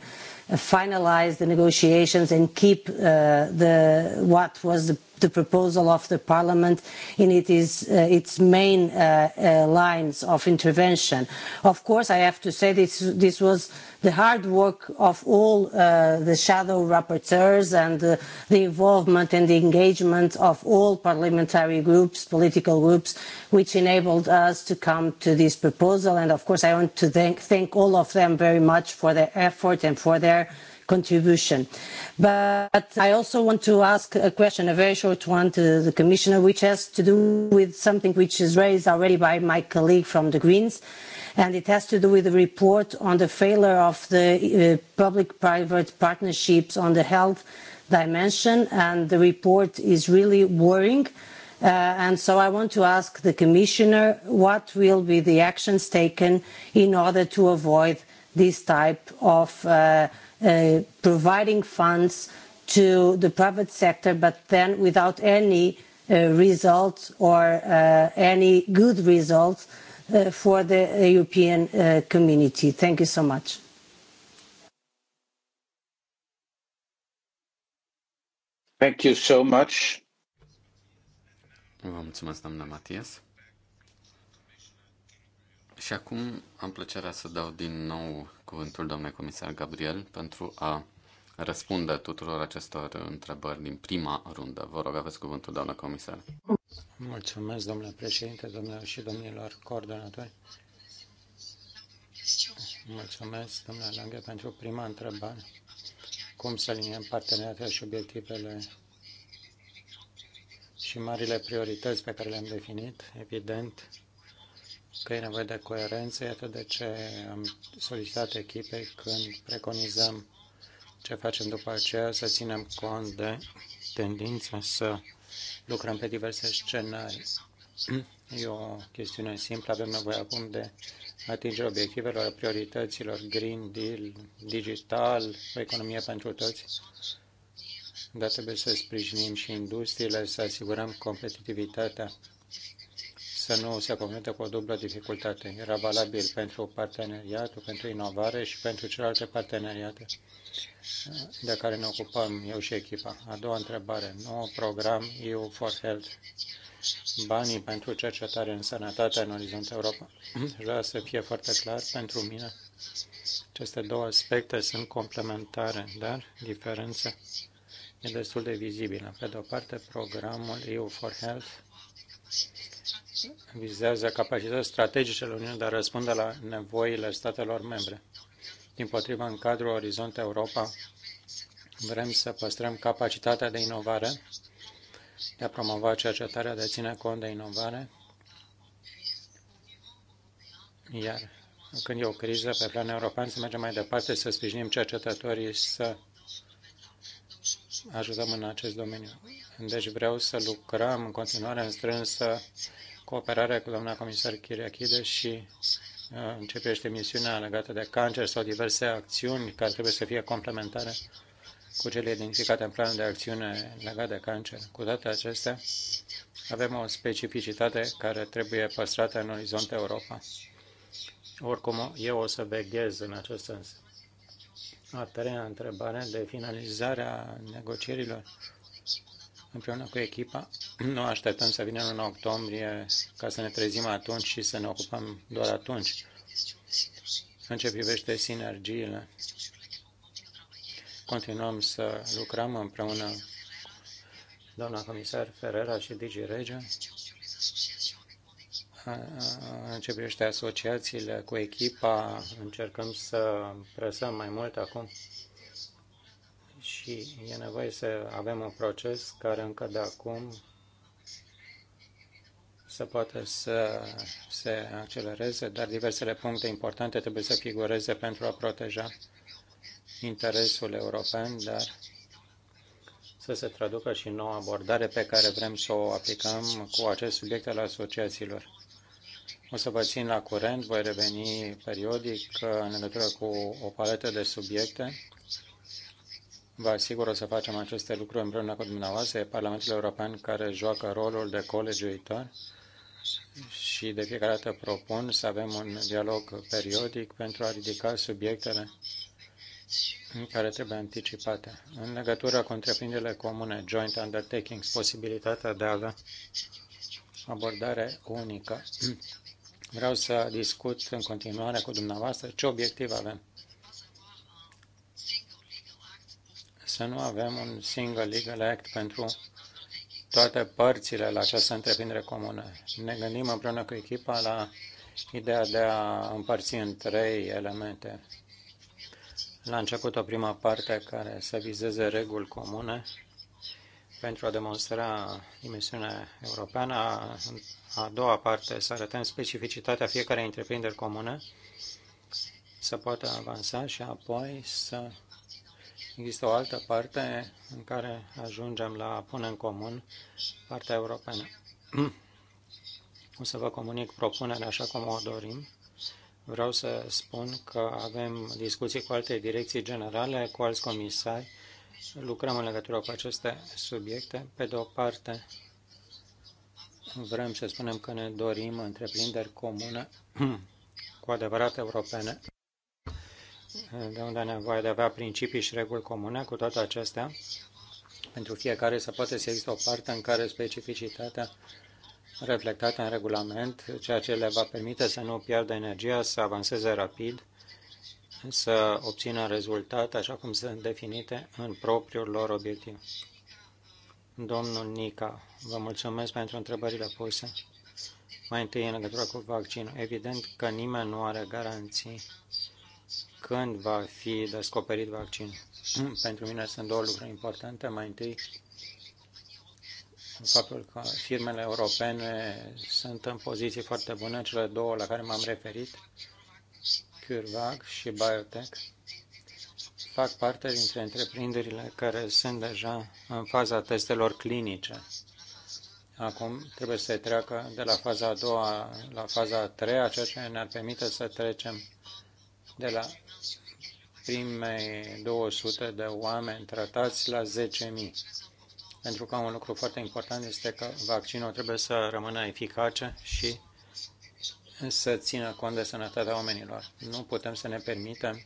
uh, finalize the negotiations and keep uh, the what was the the proposal of the Parliament in it is, uh, its main uh, uh, lines of intervention. Of course, I have to say this, this was the hard work of all uh, the shadow rapporteurs and uh, the involvement and the engagement of all parliamentary groups, political groups, which enabled us to come to this proposal. And of course, I want to thank, thank all of them very much for their effort and for their contribution. But I also want to ask a question, a very short one, to the Commissioner, which has to do with something which is raised already by my colleague from the Greens, and it has to do with the report on the failure of the uh, public-private partnerships on the health dimension, and the report is really worrying. Uh, and so I want to ask the Commissioner what will be the actions taken in order to avoid this type of uh, Uh, providing funds to the private sector, but then without any uh, results or uh, any good results uh, for the European uh, community. Thank you so much.
Thank you so much. Vă mulțumesc, doamna Matias. Și acum am plăcerea să dau din nou cuvântul doamnei comisar Gabriel pentru a răspunde tuturor acestor întrebări din prima rundă. Vă rog, aveți cuvântul, doamnă comisar.
Mulțumesc, domnule președinte, domnilor și domnilor coordonatori. Mulțumesc, domnule Lange, pentru prima întrebare. Cum să liniem parteneriatele și obiectivele și marile priorități pe care le-am definit, evident, că e nevoie de coerență, iată de ce am solicitat echipei când preconizăm ce facem după aceea, să ținem cont de tendința să lucrăm pe diverse scenarii. E o chestiune simplă, avem nevoie acum de atingerea obiectivelor, priorităților, Green Deal, digital, o economie pentru toți, dar trebuie să sprijinim și industriile, să asigurăm competitivitatea să nu se confrunte cu o dublă dificultate. Era valabil pentru parteneriatul, pentru inovare și pentru celelalte parteneriate de care ne ocupăm eu și echipa. A doua întrebare, nou program EU for Health, banii pentru cercetare în sănătate în orizont Europa. Vreau să fie foarte clar pentru mine. Aceste două aspecte sunt complementare, dar diferența e destul de vizibilă. Pe de o parte, programul EU for Health vizează capacitatea strategice ale Uniunii de a răspunde la nevoile statelor membre. Din potrivă, în cadrul Orizont Europa, vrem să păstrăm capacitatea de inovare, de a promova cercetarea, de a ține cont de inovare, iar când e o criză pe plan european, să mergem mai departe, să sprijinim cercetătorii, să ajutăm în acest domeniu. Deci vreau să lucrăm în continuare în strânsă cooperarea cu doamna comisar Chiriachide și uh, începește misiunea legată de cancer sau diverse acțiuni care trebuie să fie complementare cu cele identificate în planul de acțiune legat de cancer. Cu toate acestea, avem o specificitate care trebuie păstrată în orizont Europa. Oricum, eu o să veghez în acest sens. A treia întrebare de finalizarea negocierilor împreună cu echipa. Nu așteptăm să vină în octombrie ca să ne trezim atunci și să ne ocupăm doar atunci. În ce privește sinergiile, continuăm să lucrăm împreună doamna comisar Ferrera și Digi Rege în ce privește asociațiile cu echipa, încercăm să presăm mai mult acum și e nevoie să avem un proces care încă de acum să poată să se accelereze, dar diversele puncte importante trebuie să figureze pentru a proteja interesul european, dar să se traducă și noua abordare pe care vrem să o aplicăm cu acest subiect al asociațiilor. O să vă țin la curent, voi reveni periodic în legătură cu o paletă de subiecte Vă asigur o să facem aceste lucruri împreună cu dumneavoastră. Parlamentul European care joacă rolul de colegiuitor și de fiecare dată propun să avem un dialog periodic pentru a ridica subiectele care trebuie anticipate. În legătură cu întreprinderile comune, joint undertakings, posibilitatea de a avea abordare unică. Vreau să discut în continuare cu dumneavoastră ce obiectiv avem să nu avem un single legal act pentru toate părțile la această întreprindere comună. Ne gândim împreună cu echipa la ideea de a împărți în trei elemente. La început, o prima parte care să vizeze reguli comune pentru a demonstra dimensiunea europeană. A doua parte, să arătăm specificitatea fiecarei întreprinderi comune să poată avansa și apoi să Există o altă parte în care ajungem la a pune în comun partea europeană. O să vă comunic propunerea așa cum o dorim. Vreau să spun că avem discuții cu alte direcții generale, cu alți comisari. Lucrăm în legătură cu aceste subiecte. Pe de o parte, vrem să spunem că ne dorim întreprinderi comune cu adevărat europene de da, unde da, nevoie de a avea principii și reguli comune cu toate acestea. Pentru fiecare să poate să există o parte în care specificitatea reflectată în regulament, ceea ce le va permite să nu piardă energia, să avanseze rapid, să obțină rezultate așa cum sunt definite în propriul lor obiectiv. Domnul Nica, vă mulțumesc pentru întrebările puse. Mai întâi în legătură cu vaccinul. Evident că nimeni nu are garanții când va fi descoperit vaccinul. Mm, pentru mine sunt două lucruri importante. Mai întâi, faptul că firmele europene sunt în poziții foarte bune, cele două la care m-am referit, CureVac și Biotech, fac parte dintre întreprinderile care sunt deja în faza testelor clinice. Acum trebuie să treacă de la faza a doua la faza a treia, ceea ce ne-ar permite să trecem de la prime 200 de oameni tratați la 10.000. Pentru că un lucru foarte important este că vaccinul trebuie să rămână eficace și să țină cont de sănătatea oamenilor. Nu putem să ne permitem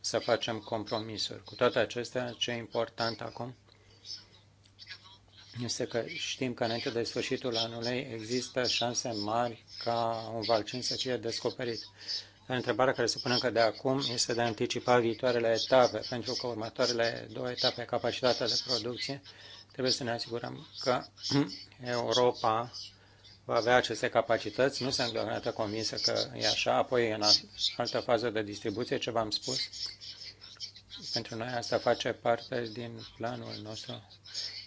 să facem compromisuri. Cu toate acestea, ce e important acum este că știm că înainte de sfârșitul anului există șanse mari ca un vaccin să fie descoperit. Întrebarea care se pune încă de acum este de a anticipa viitoarele etape, pentru că următoarele două etape, capacitatea de producție, trebuie să ne asigurăm că Europa va avea aceste capacități. Nu sunt deocamdată convinsă că e așa. Apoi, în altă fază de distribuție, ce v-am spus, pentru noi asta face parte din planul nostru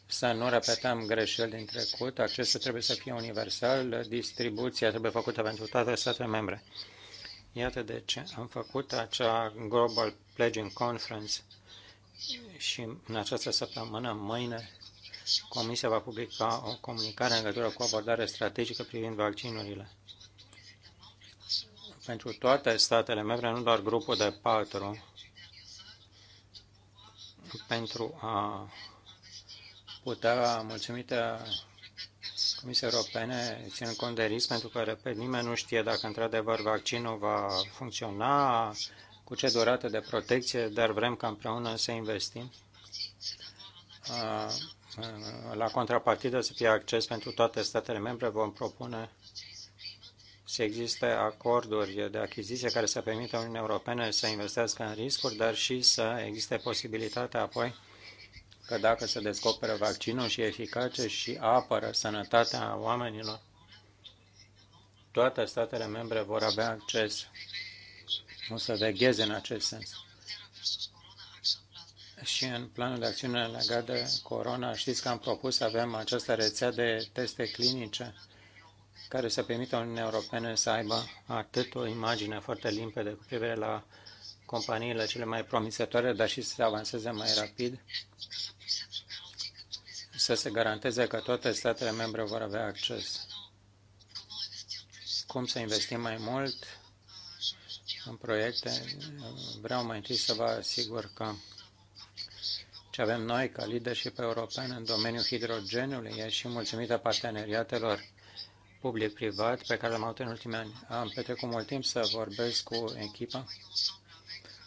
să nu repetăm greșeli din trecut. Accesul trebuie să fie universal, distribuția trebuie făcută pentru toate statele membre. Iată de ce am făcut acea Global Pledging Conference și în această săptămână, mâine, Comisia va publica o comunicare în legătură cu abordare strategică privind vaccinurile. Pentru toate statele membre, nu doar grupul de patru, pentru a putea, mulțumită Comisia Europeană ținând cont de risc, pentru că, repet, nimeni nu știe dacă într-adevăr vaccinul va funcționa, cu ce durată de protecție, dar vrem ca împreună să investim la contrapartidă să fie acces pentru toate statele membre, vom propune să existe acorduri de achiziție care să permită Uniunii Europene să investească în riscuri, dar și să existe posibilitatea apoi că dacă se descoperă vaccinul și eficace și apără sănătatea oamenilor, toate statele membre vor avea acces, o să vegheze în acest sens. Și în planul de acțiune legat de corona, știți că am propus să avem această rețea de teste clinice care să permită Uniunii Europene să aibă atât o imagine foarte limpede cu privire la companiile cele mai promițătoare, dar și să avanseze mai rapid să se garanteze că toate statele membre vor avea acces. Cum să investim mai mult în proiecte? Vreau mai întâi să vă asigur că ce avem noi ca leadership european în domeniul hidrogenului e și mulțumită parteneriatelor public-privat pe care l-am avut în ultimii ani. Am petrecut mult timp să vorbesc cu echipa.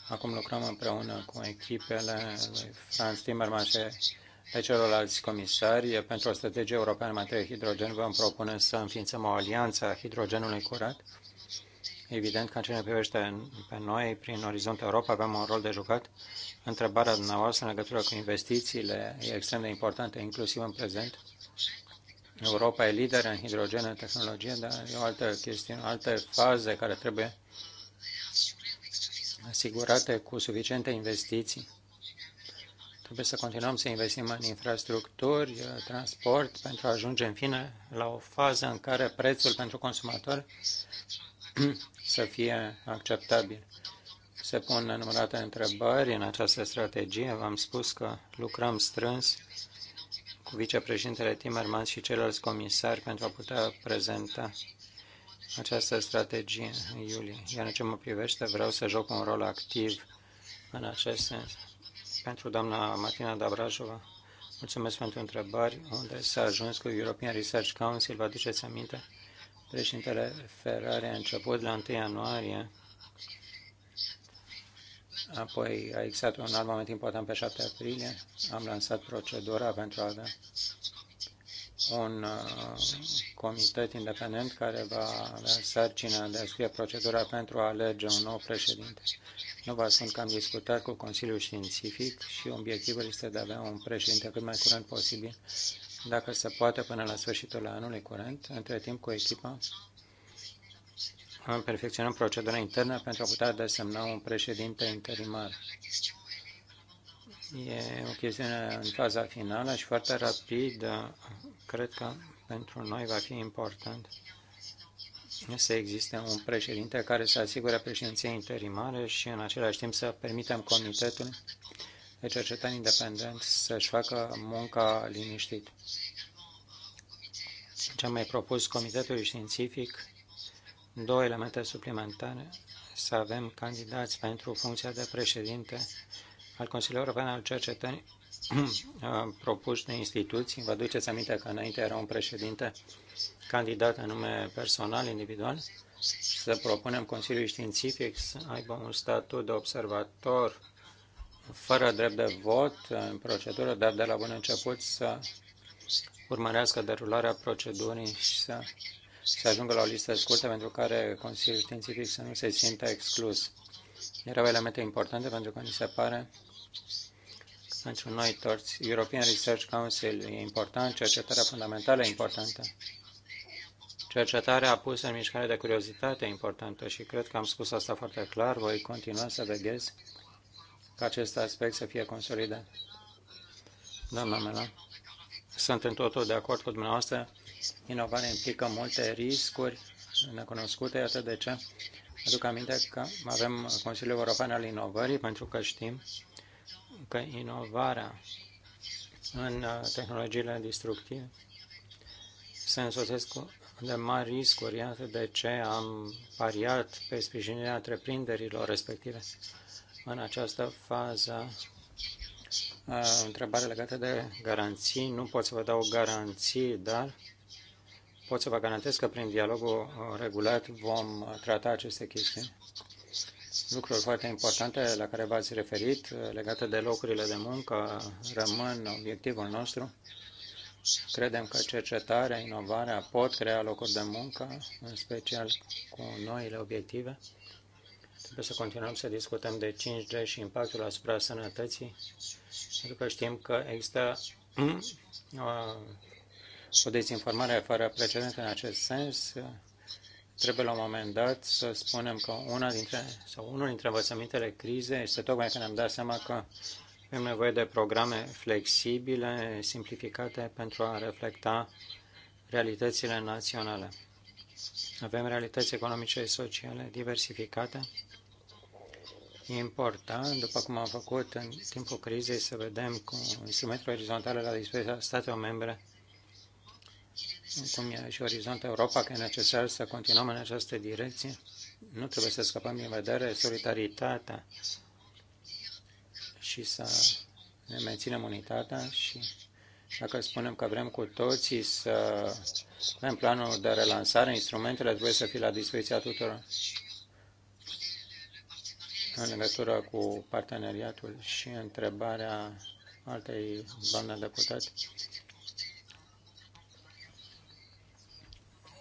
Acum lucrăm împreună cu echipele lui Franz Timmermans și pe celorlalți comisari pentru o strategie europeană în materie hidrogen. vă propune să înființăm o alianță a hidrogenului curat. Evident că în ce ne privește pe noi, prin Orizont Europa, avem un rol de jucat. Întrebarea dumneavoastră în legătură cu investițiile e extrem de importantă, inclusiv în prezent. Europa e lideră în hidrogen, în tehnologie, dar e o altă chestiune, alte faze care trebuie asigurate cu suficiente investiții Trebuie să continuăm să investim în infrastructuri, uh, transport, pentru a ajunge în fine la o fază în care prețul pentru consumator să fie acceptabil. Se pun numărate întrebări în această strategie. V-am spus că lucrăm strâns cu vicepreședintele Timmermans și ceilalți comisari pentru a putea prezenta această strategie în iulie. Iar în ce mă privește, vreau să joc un rol activ în acest sens pentru doamna Martina Dabrajova. Mulțumesc pentru întrebări. Unde s-a ajuns cu European Research Council? Vă aduceți aminte? Președintele Ferrari a început la 1 ianuarie, apoi a existat un alt moment important pe 7 aprilie. Am lansat procedura pentru a avea un uh, comitet independent care va avea sarcina de a scrie procedura pentru a alege un nou președinte. Nu vă spun că am discutat cu Consiliul Științific și obiectivul este de a avea un președinte cât mai curând posibil, dacă se poate până la sfârșitul anului curent, între timp cu echipa am perfecționat procedura internă pentru a putea desemna un președinte interimar. E o chestiune în faza finală și foarte rapidă. Cred că pentru noi va fi important să existe un președinte care să asigure președinția interimare și în același timp să permitem comitetului de cercetări independent să-și facă munca liniștit. Ce deci am mai propus comitetului științific, două elemente suplimentare, să avem candidați pentru funcția de președinte al Consiliului European al Cercetării propuși de instituții. Vă duceți aminte că înainte era un președinte candidat în nume personal, individual, să propunem Consiliului Științific să aibă un statut de observator fără drept de vot în procedură, dar de la bun început să urmărească derularea procedurii și să, să ajungă la o listă scurtă pentru care Consiliul Științific să nu se simtă exclus. Erau elemente importante pentru că ni se pare atunci noi toți, European Research Council e important, cercetarea fundamentală e importantă. Cercetarea a pus în mișcare de curiozitate importantă și cred că am spus asta foarte clar. Voi continua să veghez ca acest aspect să fie consolidat. Doamna mea, sunt în totul de acord cu dumneavoastră. Inovarea implică multe riscuri necunoscute, iată de ce. Aduc aminte că avem Consiliul European al Inovării, pentru că știm că inovarea în uh, tehnologiile distructive se însoțesc de mari riscuri. Iată de ce am pariat pe sprijinirea întreprinderilor respective în această fază. Uh, întrebare legată de garanții. Nu pot să vă dau garanții, dar pot să vă garantez că prin dialogul regulat vom trata aceste chestiuni lucruri foarte importante la care v-ați referit legate de locurile de muncă rămân obiectivul nostru. Credem că cercetarea, inovarea pot crea locuri de muncă, în special cu noile obiective. Trebuie să continuăm să discutăm de 5G și impactul asupra sănătății, pentru că știm că există uh, o dezinformare fără precedent în acest sens trebuie la un moment dat să spunem că una dintre, sau unul dintre învățămintele crize este tocmai că ne-am dat seama că avem nevoie de programe flexibile, simplificate pentru a reflecta realitățile naționale. Avem realități economice și sociale diversificate. E important, după cum am făcut în timpul crizei, să vedem cu instrumentele orizontale la dispoziția statelor membre cum e și Orizont Europa, că e necesar să continuăm în această direcție. Nu trebuie să scăpăm din vedere solidaritatea și să ne menținem unitatea și dacă spunem că vrem cu toții să avem planul de relansare, instrumentele trebuie să fie la dispoziția tuturor în legătură cu parteneriatul și întrebarea altei doamne deputate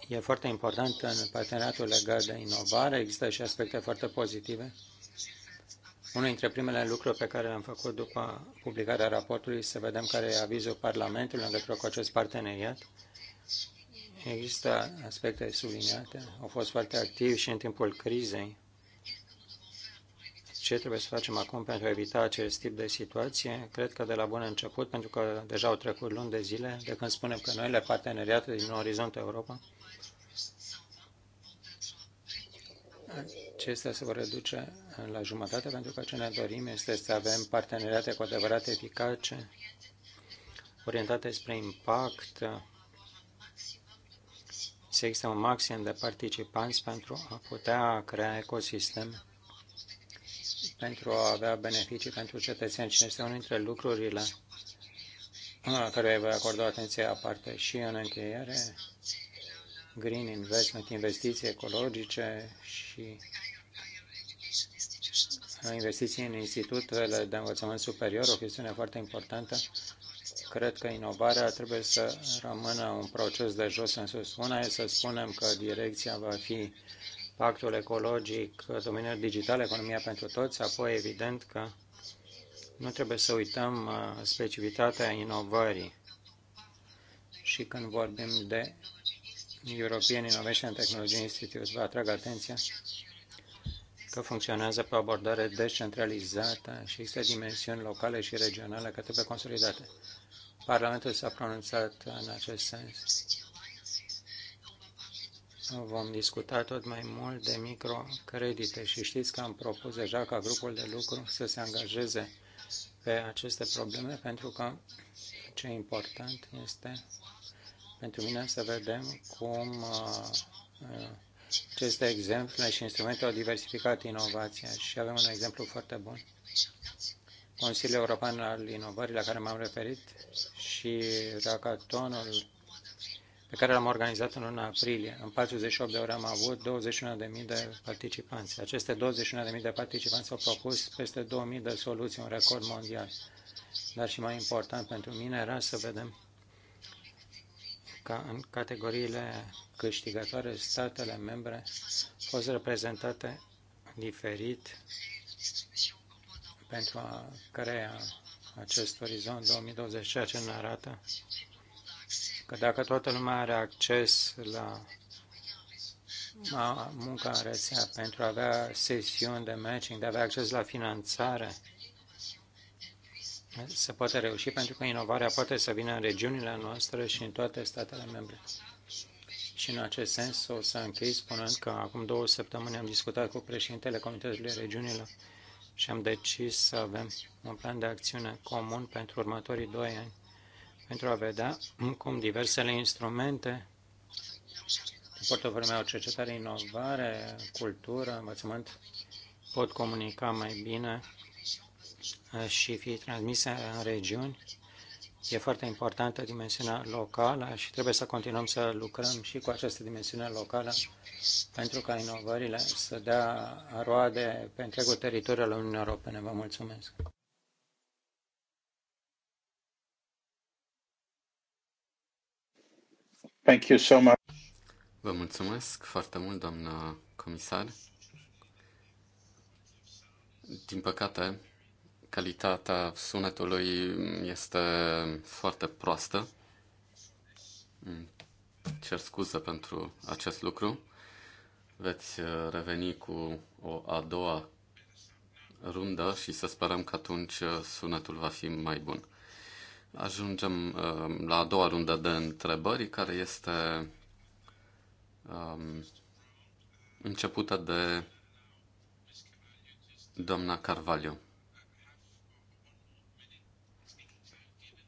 e foarte important în parteneriatul legat de inovare. Există și aspecte foarte pozitive. Unul dintre primele lucruri pe care le-am făcut după publicarea raportului să vedem care e avizul Parlamentului în legătură cu acest parteneriat. Există aspecte subliniate, au fost foarte activi și în timpul crizei. Ce trebuie să facem acum pentru a evita acest tip de situație? Cred că de la bun început, pentru că deja au trecut luni de zile de când spunem că noile parteneriate din Orizont Europa acestea se vor reduce la jumătate pentru că ce ne dorim este să avem parteneriate cu adevărat eficace, orientate spre impact, să există un maxim de participanți pentru a putea crea ecosistem, pentru a avea beneficii pentru cetățeni și este unul dintre lucrurile la care voi acorda atenție aparte și în încheiere Green Investment, investiții ecologice și investiții în institutele de învățământ superior, o chestiune foarte importantă. Cred că inovarea trebuie să rămână un proces de jos în sus. Una e să spunem că direcția va fi pactul ecologic, domeniul digital, economia pentru toți, apoi evident că nu trebuie să uităm uh, specificitatea inovării. Și când vorbim de European Innovation and Technology Institute vă atrag atenția că funcționează pe o abordare descentralizată și există dimensiuni locale și regionale că trebuie consolidate. Parlamentul s-a pronunțat în acest sens. Vom discuta tot mai mult de microcredite și știți că am propus deja ca grupul de lucru să se angajeze pe aceste probleme pentru că ce important este pentru mine să vedem cum uh, aceste exemple și instrumente au diversificat inovația și avem un exemplu foarte bun. Consiliul European al Inovării la care m-am referit și racatonul pe care l-am organizat în luna aprilie. În 48 de ore am avut 21.000 de participanți. Aceste 21.000 de participanți au propus peste 2.000 de soluții, un record mondial. Dar și mai important pentru mine era să vedem ca în categoriile câștigătoare statele membre au fost reprezentate diferit pentru a crea acest orizont 2020, ceea ce ne arată că dacă toată lumea are acces la munca în rețea pentru a avea sesiuni de matching, de a avea acces la finanțare, se poate reuși pentru că inovarea poate să vină în regiunile noastre și în toate statele membre. Și în acest sens o să închei spunând că acum două săptămâni am discutat cu președintele Comitetului Regiunilor și am decis să avem un plan de acțiune comun pentru următorii doi ani pentru a vedea cum diversele instrumente portofoliul meu, cercetare, inovare, cultură, învățământ, pot comunica mai bine și fi transmise în regiuni. E foarte importantă dimensiunea locală și trebuie să continuăm să lucrăm și cu această dimensiune locală pentru ca inovările să dea roade pe întregul teritoriul Uniunii Europene. Vă mulțumesc!
Thank you so much. Vă mulțumesc foarte mult, doamnă comisar. Din păcate, Calitatea sunetului este foarte proastă. Cer scuze pentru acest lucru. Veți uh, reveni cu o a doua rundă și să sperăm că atunci uh, sunetul va fi mai bun. Ajungem uh, la a doua rundă de întrebări, care este um, începută de doamna Carvalho.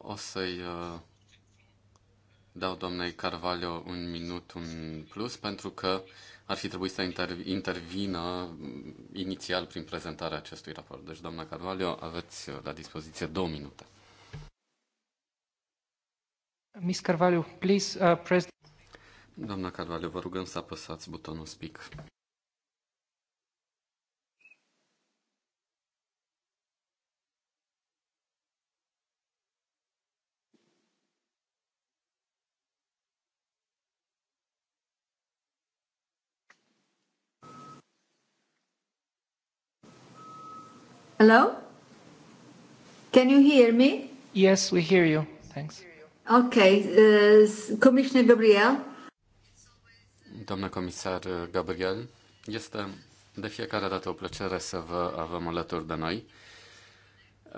O să-i uh, dau doamnei Carvalho un minut în plus, pentru că ar fi trebuit să intervină mm, inițial prin prezentarea acestui raport. Deci, doamna Carvalho, aveți uh, la dispoziție două minute.
Miss Carvalho, please uh, press...
Doamna Carvalho, vă rugăm să apăsați butonul speak.
Hello?
Can you hear me?
Yes, we hear you. Thanks.
Okay, uh, Commissioner Gabriel.
Doamna comisar uh, Gabriel, este de fiecare dată o plăcere să vă avem alături de noi.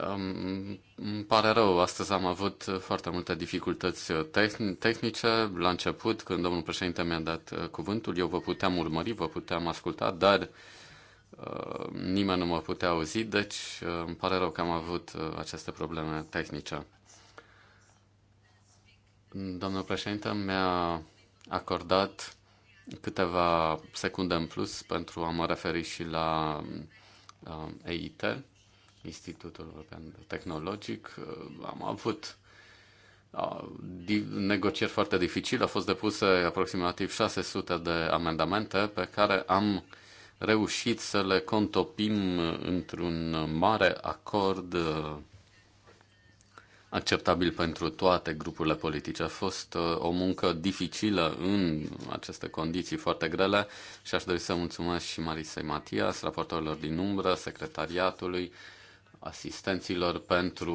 Um, îmi pare rău, astăzi am avut foarte multe dificultăți uh, tehnice. La început, când domnul președinte mi-a dat uh, cuvântul, eu vă puteam urmări, vă puteam asculta, dar uh, Uh, nimeni nu mă putea auzi, deci uh, îmi pare rău că am avut uh, aceste probleme tehnice. Domnul președinte mi-a acordat câteva secunde în plus pentru a mă referi și la EIT, Institutul European Tehnologic. Am avut negocieri foarte dificile, au fost depuse aproximativ 600 de amendamente pe care am reușit să le contopim într-un mare acord uh, acceptabil pentru toate grupurile politice. A fost uh, o muncă dificilă în aceste condiții foarte grele și aș dori să mulțumesc și Marisei Matias, raportorilor din umbră, secretariatului, asistenților pentru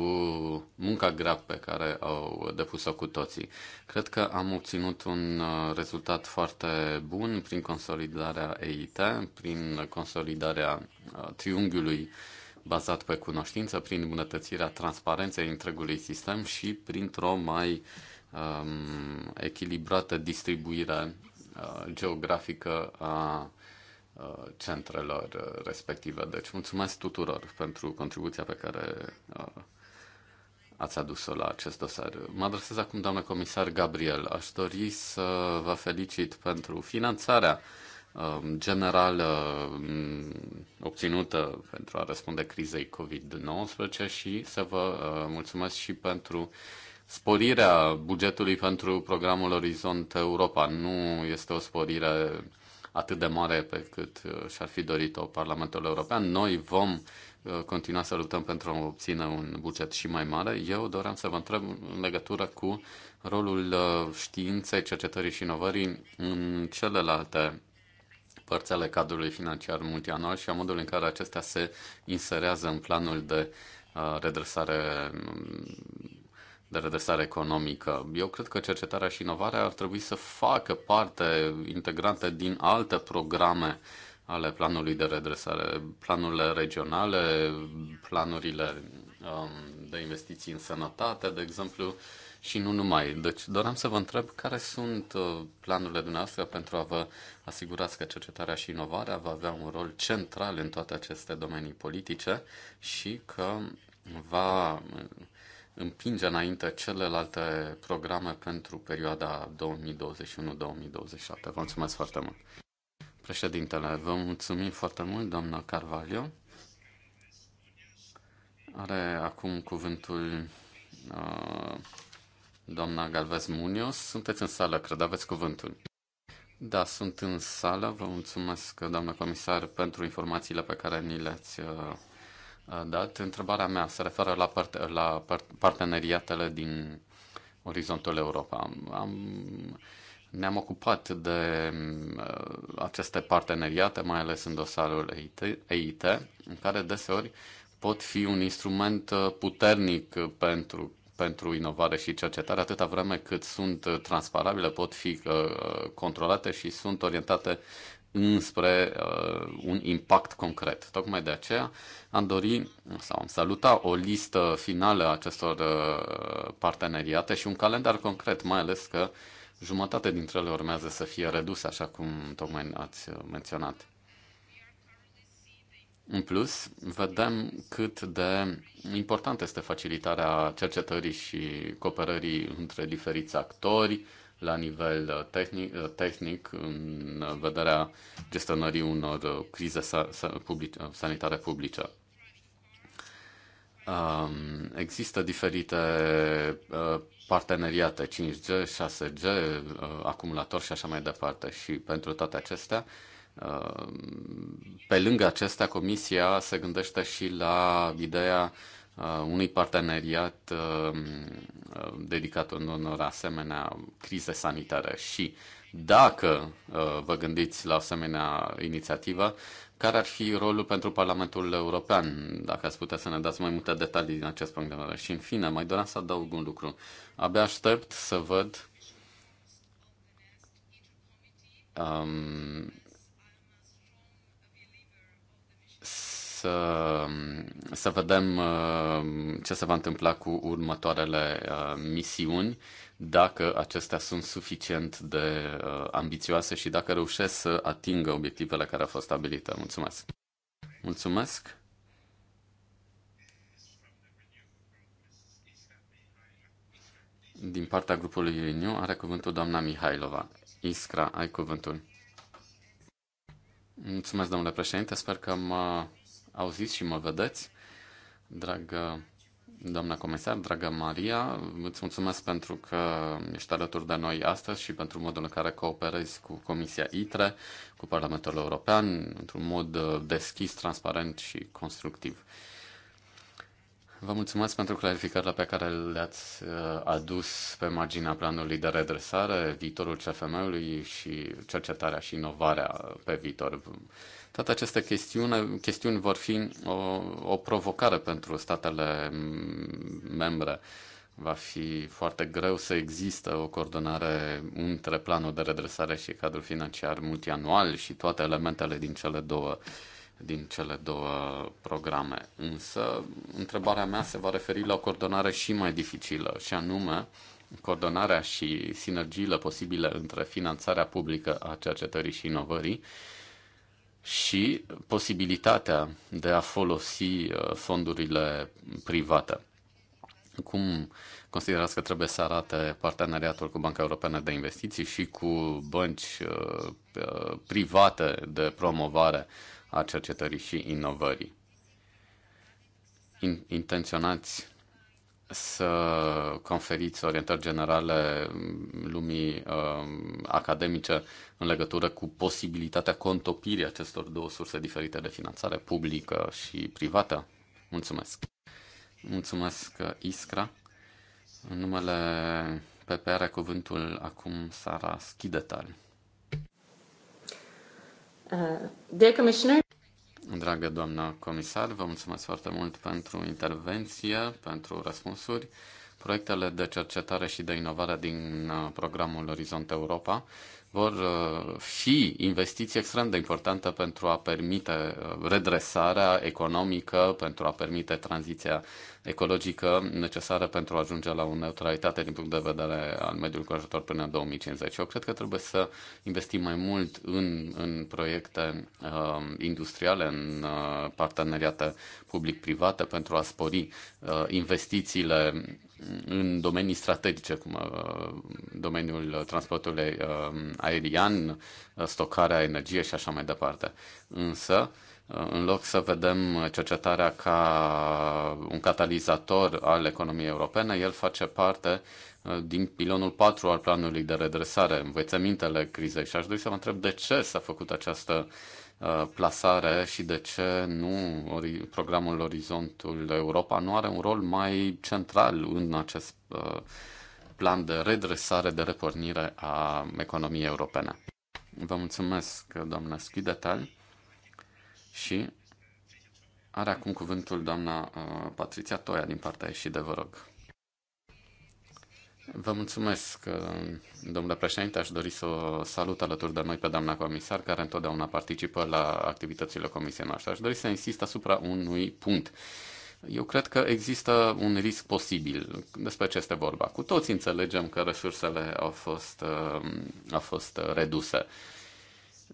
munca grea pe care au depus-o cu toții. Cred că am obținut un uh, rezultat foarte bun prin consolidarea EIT, prin consolidarea uh, triunghiului bazat pe cunoștință, prin îmbunătățirea transparenței întregului sistem și printr-o mai um, echilibrată distribuire uh, geografică a Uh, centrelor uh, respective. Deci mulțumesc tuturor pentru contribuția pe care uh, ați adus-o la acest dosar. Mă adresez acum, doamnă comisar Gabriel. Aș dori să vă felicit pentru finanțarea um, generală um, obținută pentru a răspunde crizei COVID-19 și să vă mulțumesc și pentru sporirea bugetului pentru programul Orizont Europa. Nu este o sporire atât de mare pe cât uh, și-ar fi dorit-o Parlamentul European. Noi vom uh, continua să luptăm pentru a obține un buget și mai mare. Eu doream să vă întreb în legătură cu rolul uh, științei, cercetării și inovării în celelalte părți ale cadrului financiar multianual și a modului în care acestea se inserează în planul de redresare de redresare economică. Eu cred că cercetarea și inovarea ar trebui să facă parte integrantă din alte programe ale planului de redresare, planurile regionale, planurile um, de investiții în sănătate, de exemplu, și nu numai. Deci doream să vă întreb care sunt uh, planurile dumneavoastră pentru a vă asigurați că cercetarea și inovarea va avea un rol central în toate aceste domenii politice și că va împinge înainte celelalte programe pentru perioada 2021-2027. Vă mulțumesc foarte mult. Președintele, vă mulțumim foarte mult, doamna Carvalho. Are acum cuvântul uh, doamna Galvez Munios. Sunteți în sală, cred, aveți cuvântul. Da, sunt în sală. Vă mulțumesc, doamnă comisar, pentru informațiile pe care ni le-ați uh, dat. Întrebarea mea se referă la, part- la part- parteneriatele din orizontul Europa. Am, ne-am ocupat de uh, aceste parteneriate, mai ales în dosarul EIT, EIT în care deseori pot fi un instrument uh, puternic pentru pentru inovare și cercetare, atâta vreme cât sunt transparabile, pot fi uh, controlate și sunt orientate înspre uh, un impact concret. Tocmai de aceea am dori sau am saluta o listă finală a acestor uh, parteneriate și un calendar concret, mai ales că jumătate dintre ele urmează să fie reduse, așa cum tocmai ați uh, menționat. În plus, vedem cât de importantă este facilitarea cercetării și cooperării între diferiți actori, uh, la nivel uh, tehnic, uh, tehnic în uh, vederea gestionării unor crize sanitare publice. Um, există diferite parteneriate 5G, 6G, acumulator și așa mai departe. Și pentru toate acestea, pe lângă acestea, Comisia se gândește și la ideea Uh, unui parteneriat uh, uh, dedicat unor asemenea crize sanitare și dacă vă gândiți la asemenea inițiativă, care ar fi rolul pentru Parlamentul European, dacă ați putea să ne dați mai multe detalii din acest punct de vedere. Și în fine, mai doream să adaug un lucru. Abia aștept să văd um, să, să vedem uh, ce se va întâmpla cu următoarele uh, misiuni, dacă acestea sunt suficient de uh, ambițioase și dacă reușesc să atingă obiectivele care au fost stabilite. Mulțumesc! Mulțumesc! Din partea grupului Renew are cuvântul doamna Mihailova. Iskra, ai cuvântul. Mulțumesc, domnule președinte. Sper că mă auziți și mă vedeți. Dragă doamna comisar, dragă Maria, îți mulțumesc pentru că ești alături de noi astăzi și pentru modul în care cooperezi cu Comisia ITRE, cu Parlamentul European, într-un mod uh, deschis, transparent și constructiv. Vă mulțumesc pentru clarificările pe care le-ați uh, adus pe marginea planului de redresare, viitorul CFM-ului și cercetarea și inovarea pe viitor. Toate aceste chestiune, chestiuni vor fi o, o provocare pentru statele membre. Va fi foarte greu să există o coordonare între planul de redresare și cadrul financiar multianual și toate elementele din cele două din cele două programe. Însă, întrebarea mea se va referi la o coordonare și mai dificilă, și anume coordonarea și sinergiile posibile între finanțarea publică a cercetării și inovării și posibilitatea de a folosi uh, fondurile private. Cum considerați că trebuie să arate parteneriatul cu Banca Europeană de Investiții și cu bănci uh, uh, private de promovare a cercetării și inovării? Intenționați să conferiți orientări generale lumii uh, academice în legătură cu posibilitatea contopirii acestor două surse diferite de finanțare, publică și privată? Mulțumesc! Mulțumesc, Iscra! În numele PP are cuvântul acum Sara Schidetal.
Uh, dear Commissioner,
Dragă doamnă comisar, vă mulțumesc foarte mult pentru intervenție, pentru răspunsuri. Proiectele de cercetare și de inovare din uh, programul Orizont Europa vor uh, fi investiții extrem de importante pentru a permite uh, redresarea economică, pentru a permite tranziția ecologică necesară pentru a ajunge la o neutralitate din punct de vedere al mediului conjurător până în 2050. Eu cred că trebuie să investim mai mult în, în proiecte uh, industriale, în uh, parteneriate public-private pentru a spori uh, investițiile în domenii strategice, cum uh, domeniul transportului um, aerian, uh, stocarea energiei și așa mai departe. Însă, în loc să vedem cercetarea ca un catalizator al economiei europene, el face parte uh, din pilonul 4 al planului de redresare, învățămintele crizei. Și aș dori să mă întreb de ce s-a făcut această uh, plasare și de ce nu programul Orizontul Europa nu are un rol mai central în acest uh, plan de redresare, de repornire a economiei europene. Vă mulțumesc, doamna Schidetal. Și are acum cuvântul doamna uh, Patricia Toia din partea și de vă rog. Vă mulțumesc, uh, domnule președinte. Aș dori să o salut alături de noi pe doamna comisar, care întotdeauna participă la activitățile comisiei noastre. Aș dori să insist asupra unui punct. Eu cred că există un risc posibil. Despre ce este vorba? Cu toți înțelegem că resursele au fost, uh, au fost reduse.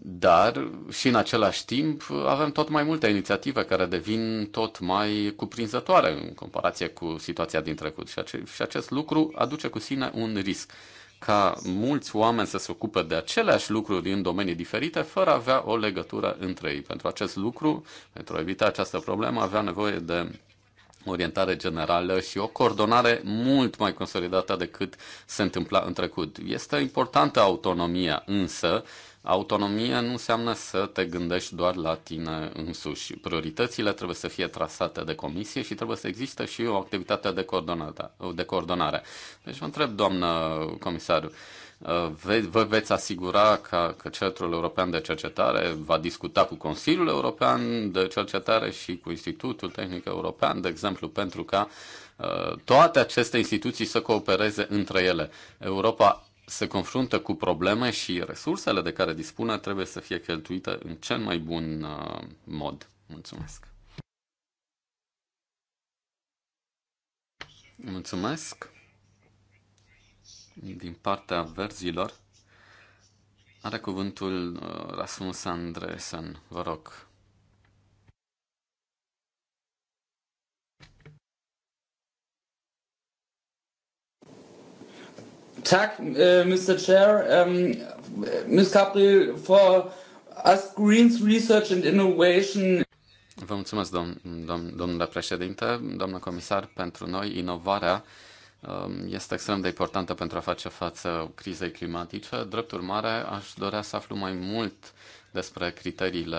Dar și în același timp avem tot mai multe inițiative care devin tot mai cuprinzătoare în comparație cu situația din trecut și, ace- și acest lucru aduce cu sine un risc ca mulți oameni să se ocupe de aceleași lucruri din domenii diferite fără a avea o legătură între ei. Pentru acest lucru, pentru a evita această problemă, avea nevoie de orientare generală și o coordonare mult mai consolidată decât se întâmpla în trecut. Este importantă autonomia, însă Autonomie nu înseamnă să te gândești doar la tine însuși. Prioritățile trebuie să fie trasate de comisie și trebuie să existe și o activitate de De coordonare. Deci vă întreb, doamnă comisar, uh, ve- vă veți asigura că, că Centrul European de Cercetare va discuta cu Consiliul European de Cercetare și cu Institutul Tehnic European, de exemplu, pentru ca uh, toate aceste instituții să coopereze între ele. Europa se confruntă cu probleme și resursele de care dispune trebuie să fie cheltuite în cel mai bun uh, mod. Mulțumesc! Mulțumesc! Din partea verzilor, are cuvântul uh, Rasmus Andresen. Vă rog,
Tak, äh, Mr. Chair. Ähm, Ms. Capri, for us Greens
Research and Innovation. Vă mulțumesc, domn, domn, domnule președinte, doamnă comisar. Pentru noi, inovarea este extrem de importantă pentru a face față crizei climatice. Drept urmare, aș dorea să aflu mai mult despre criteriile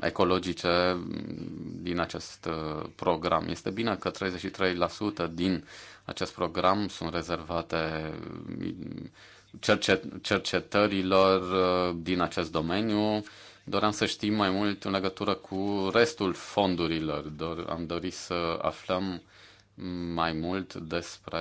ecologice din acest program. Este bine că 33% din uh, acest program sunt rezervate mm, cercet, cercetărilor uh, din acest domeniu. Doream să știm mai mult în legătură cu restul fondurilor. Dor, am dorit să aflăm mai mult despre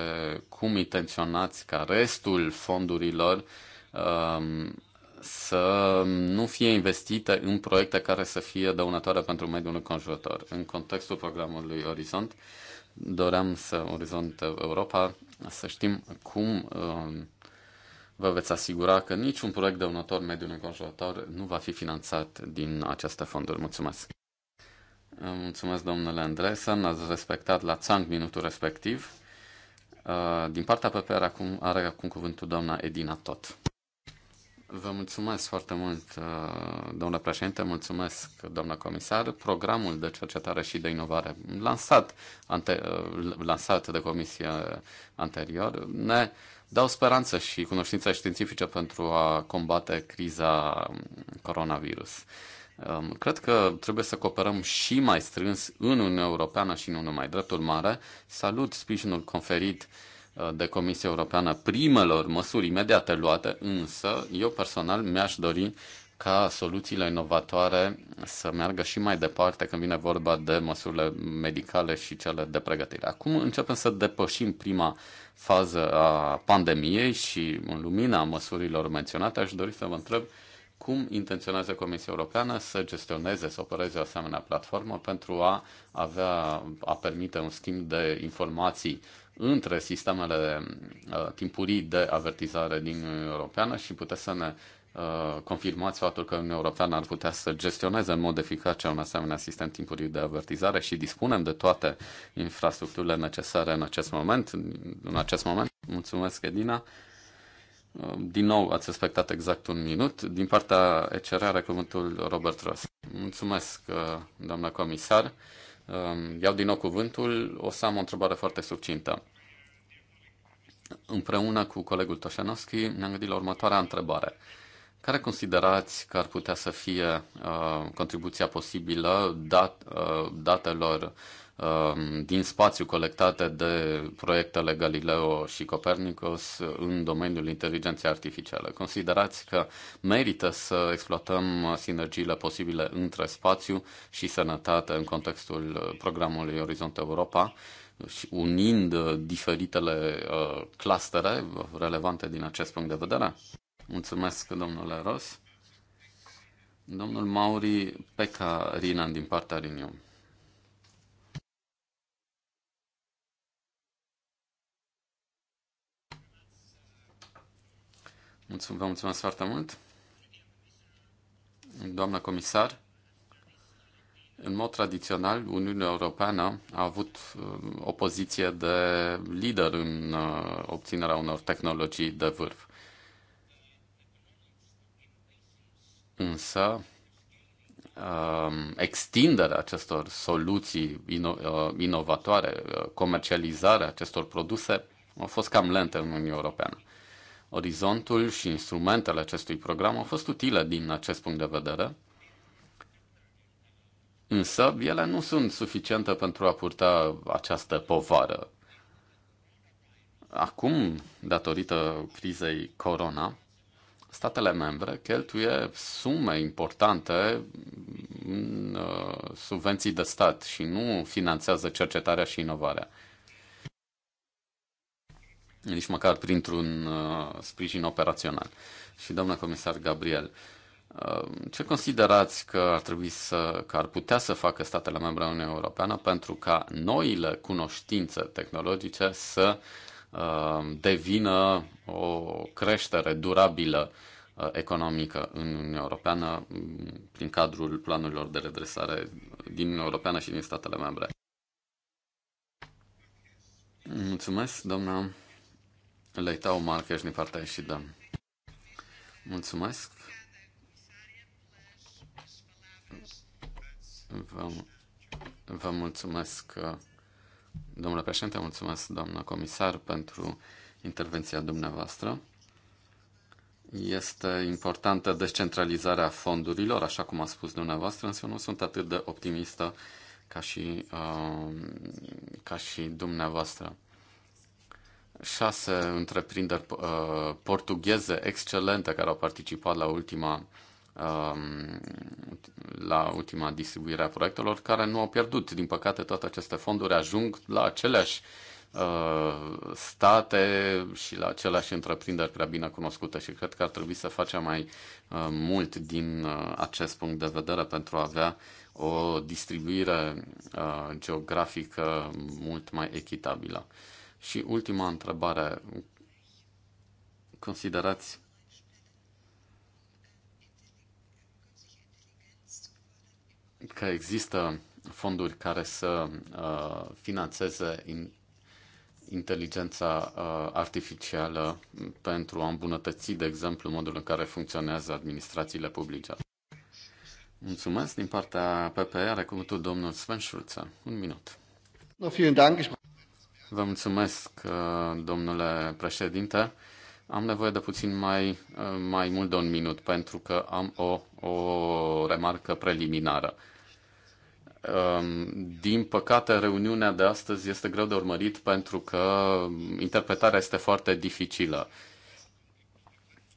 cum intenționați ca restul fondurilor um, să nu fie investite în proiecte care să fie dăunătoare pentru mediul înconjurător. În contextul programului Orizont, doream să Orizont Europa, să știm cum um, vă veți asigura că niciun proiect de dăunător mediului înconjurător nu va fi finanțat din aceste fonduri. Mulțumesc! Mulțumesc, domnule Andresen, ați respectat la țang minutul respectiv. Uh, din partea PPR acum are acum cuvântul doamna Edina Tot. Vă mulțumesc foarte mult, uh, domnule președinte, mulțumesc, doamna comisar. Programul de cercetare și de inovare lansat, ante, uh, lansat de comisia anterior ne dau speranță și cunoștință științifice pentru a combate criza coronavirus. Um, cred că trebuie să cooperăm și mai strâns în Uniunea Europeană și nu numai dreptul mare. Salut sprijinul conferit uh, Uh, de Comisia Europeană primelor măsuri imediate luate, însă eu personal mi-aș dori ca soluțiile inovatoare să meargă și mai departe când vine vorba de măsurile medicale și cele de pregătire. Acum începem să depășim prima fază a pandemiei și în lumina măsurilor menționate aș dori să vă întreb cum intenționează Comisia Europeană să gestioneze, să opereze o asemenea platformă pentru a avea, a permite un schimb de informații între sistemele uh, timpurii de avertizare din Uniunea Europeană și puteți să ne uh, confirmați faptul că Uniunea Europeană ar putea să gestioneze în mod eficace un asemenea sistem timpuriu de avertizare și dispunem de toate infrastructurile necesare în acest moment. În acest moment, mulțumesc, Edina. Uh, din nou, ați respectat exact un minut. Din partea ECR are cuvântul Robert Ross. Mulțumesc, uh, doamna comisar. Uh, iau din nou cuvântul. O să am o întrebare foarte succintă împreună cu colegul Toșanovski, ne-am gândit la următoarea întrebare. Care considerați că ar putea să fie uh, contribuția posibilă dat, uh, datelor uh, din spațiu colectate de proiectele Galileo și Copernicus în domeniul inteligenței artificiale? Considerați că merită să exploatăm sinergiile posibile între spațiu și sănătate în contextul programului Orizont Europa? Uh, și unind uh, diferitele uh, clustere relevante din acest punct de vedere? Mulțumesc, domnule Ros. Domnul Mauri Peca Rinan din partea Rinium. Mulțumesc, vă mulțumesc foarte mult. Doamna comisar, în mod tradițional, Uniunea Europeană a avut um, o poziție de lider în uh, obținerea unor tehnologii de vârf. Însă, um, extinderea acestor soluții uh, inovatoare, uh, comercializarea acestor produse au fost cam lente în Uniunea Europeană. Orizontul și instrumentele acestui program au fost utile din acest punct de vedere Însă, ele nu sunt suficiente pentru a purta această povară. Acum, datorită crizei corona, statele membre cheltuie sume importante în uh, subvenții de stat și nu finanțează cercetarea și inovarea. Nici măcar printr-un uh, sprijin operațional. Și doamna comisar Gabriel, uh, Um, ce considerați că ar trebui să, că ar putea să facă statele membre ale Uniunii Europeană pentru ca noile cunoștințe tehnologice să um, devină o creștere durabilă uh, economică în Uniunea Europeană um, prin cadrul planurilor de redresare din Uniunea Europeană și din statele membre? Mulțumesc, doamna Leitau Marcheș, din partea și da. Mulțumesc. Vă, vă mulțumesc, domnule președinte, mulțumesc, doamnă comisar, pentru intervenția dumneavoastră. Este importantă descentralizarea fondurilor, așa cum a spus dumneavoastră, însă nu sunt atât de optimistă ca și, uh, ca și dumneavoastră. Șase întreprinderi uh, portugheze excelente care au participat la ultima Um, la ultima distribuire a proiectelor care nu au pierdut. Din păcate, toate aceste fonduri ajung la aceleași uh, state și la aceleași întreprinderi prea bine cunoscute și cred că ar trebui să facem mai uh, mult din uh, acest punct de vedere pentru a avea o distribuire geografică mult mai echitabilă. Și ultima întrebare. Considerați că există fonduri care să uh, finanțeze in, inteligența uh, artificială pentru a îmbunătăți, de exemplu, modul în care funcționează administrațiile publice. Mulțumesc din partea PPR, are cuvântul domnul Sven Schulze. Un minut. No, Vă mulțumesc, uh, domnule președinte. Am nevoie de puțin mai, uh, mai mult de un minut pentru că am o, o remarcă preliminară. Um, din păcate, reuniunea de astăzi este greu de urmărit pentru că interpretarea este foarte dificilă.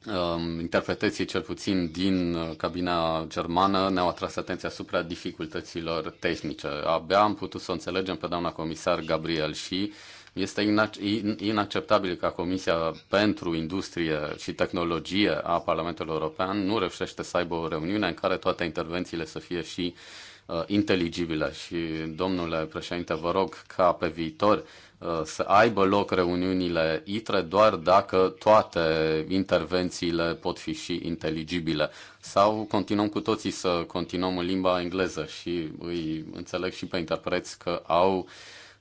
Um, interpreteții, cel puțin din uh, cabina germană, ne-au atras atenția asupra dificultăților tehnice. Abia am putut să o înțelegem pe doamna comisar Gabriel și este inacceptabil ca Comisia pentru Industrie și Tehnologie a Parlamentului European nu reușește să aibă o reuniune în care toate intervențiile să fie și uh, inteligibile. Și, domnule președinte, vă rog ca pe viitor uh, să aibă loc reuniunile ITRE doar dacă toate intervențiile pot fi și inteligibile. Sau continuăm cu toții să continuăm în limba engleză și îi înțeleg și pe interpreți că au uh,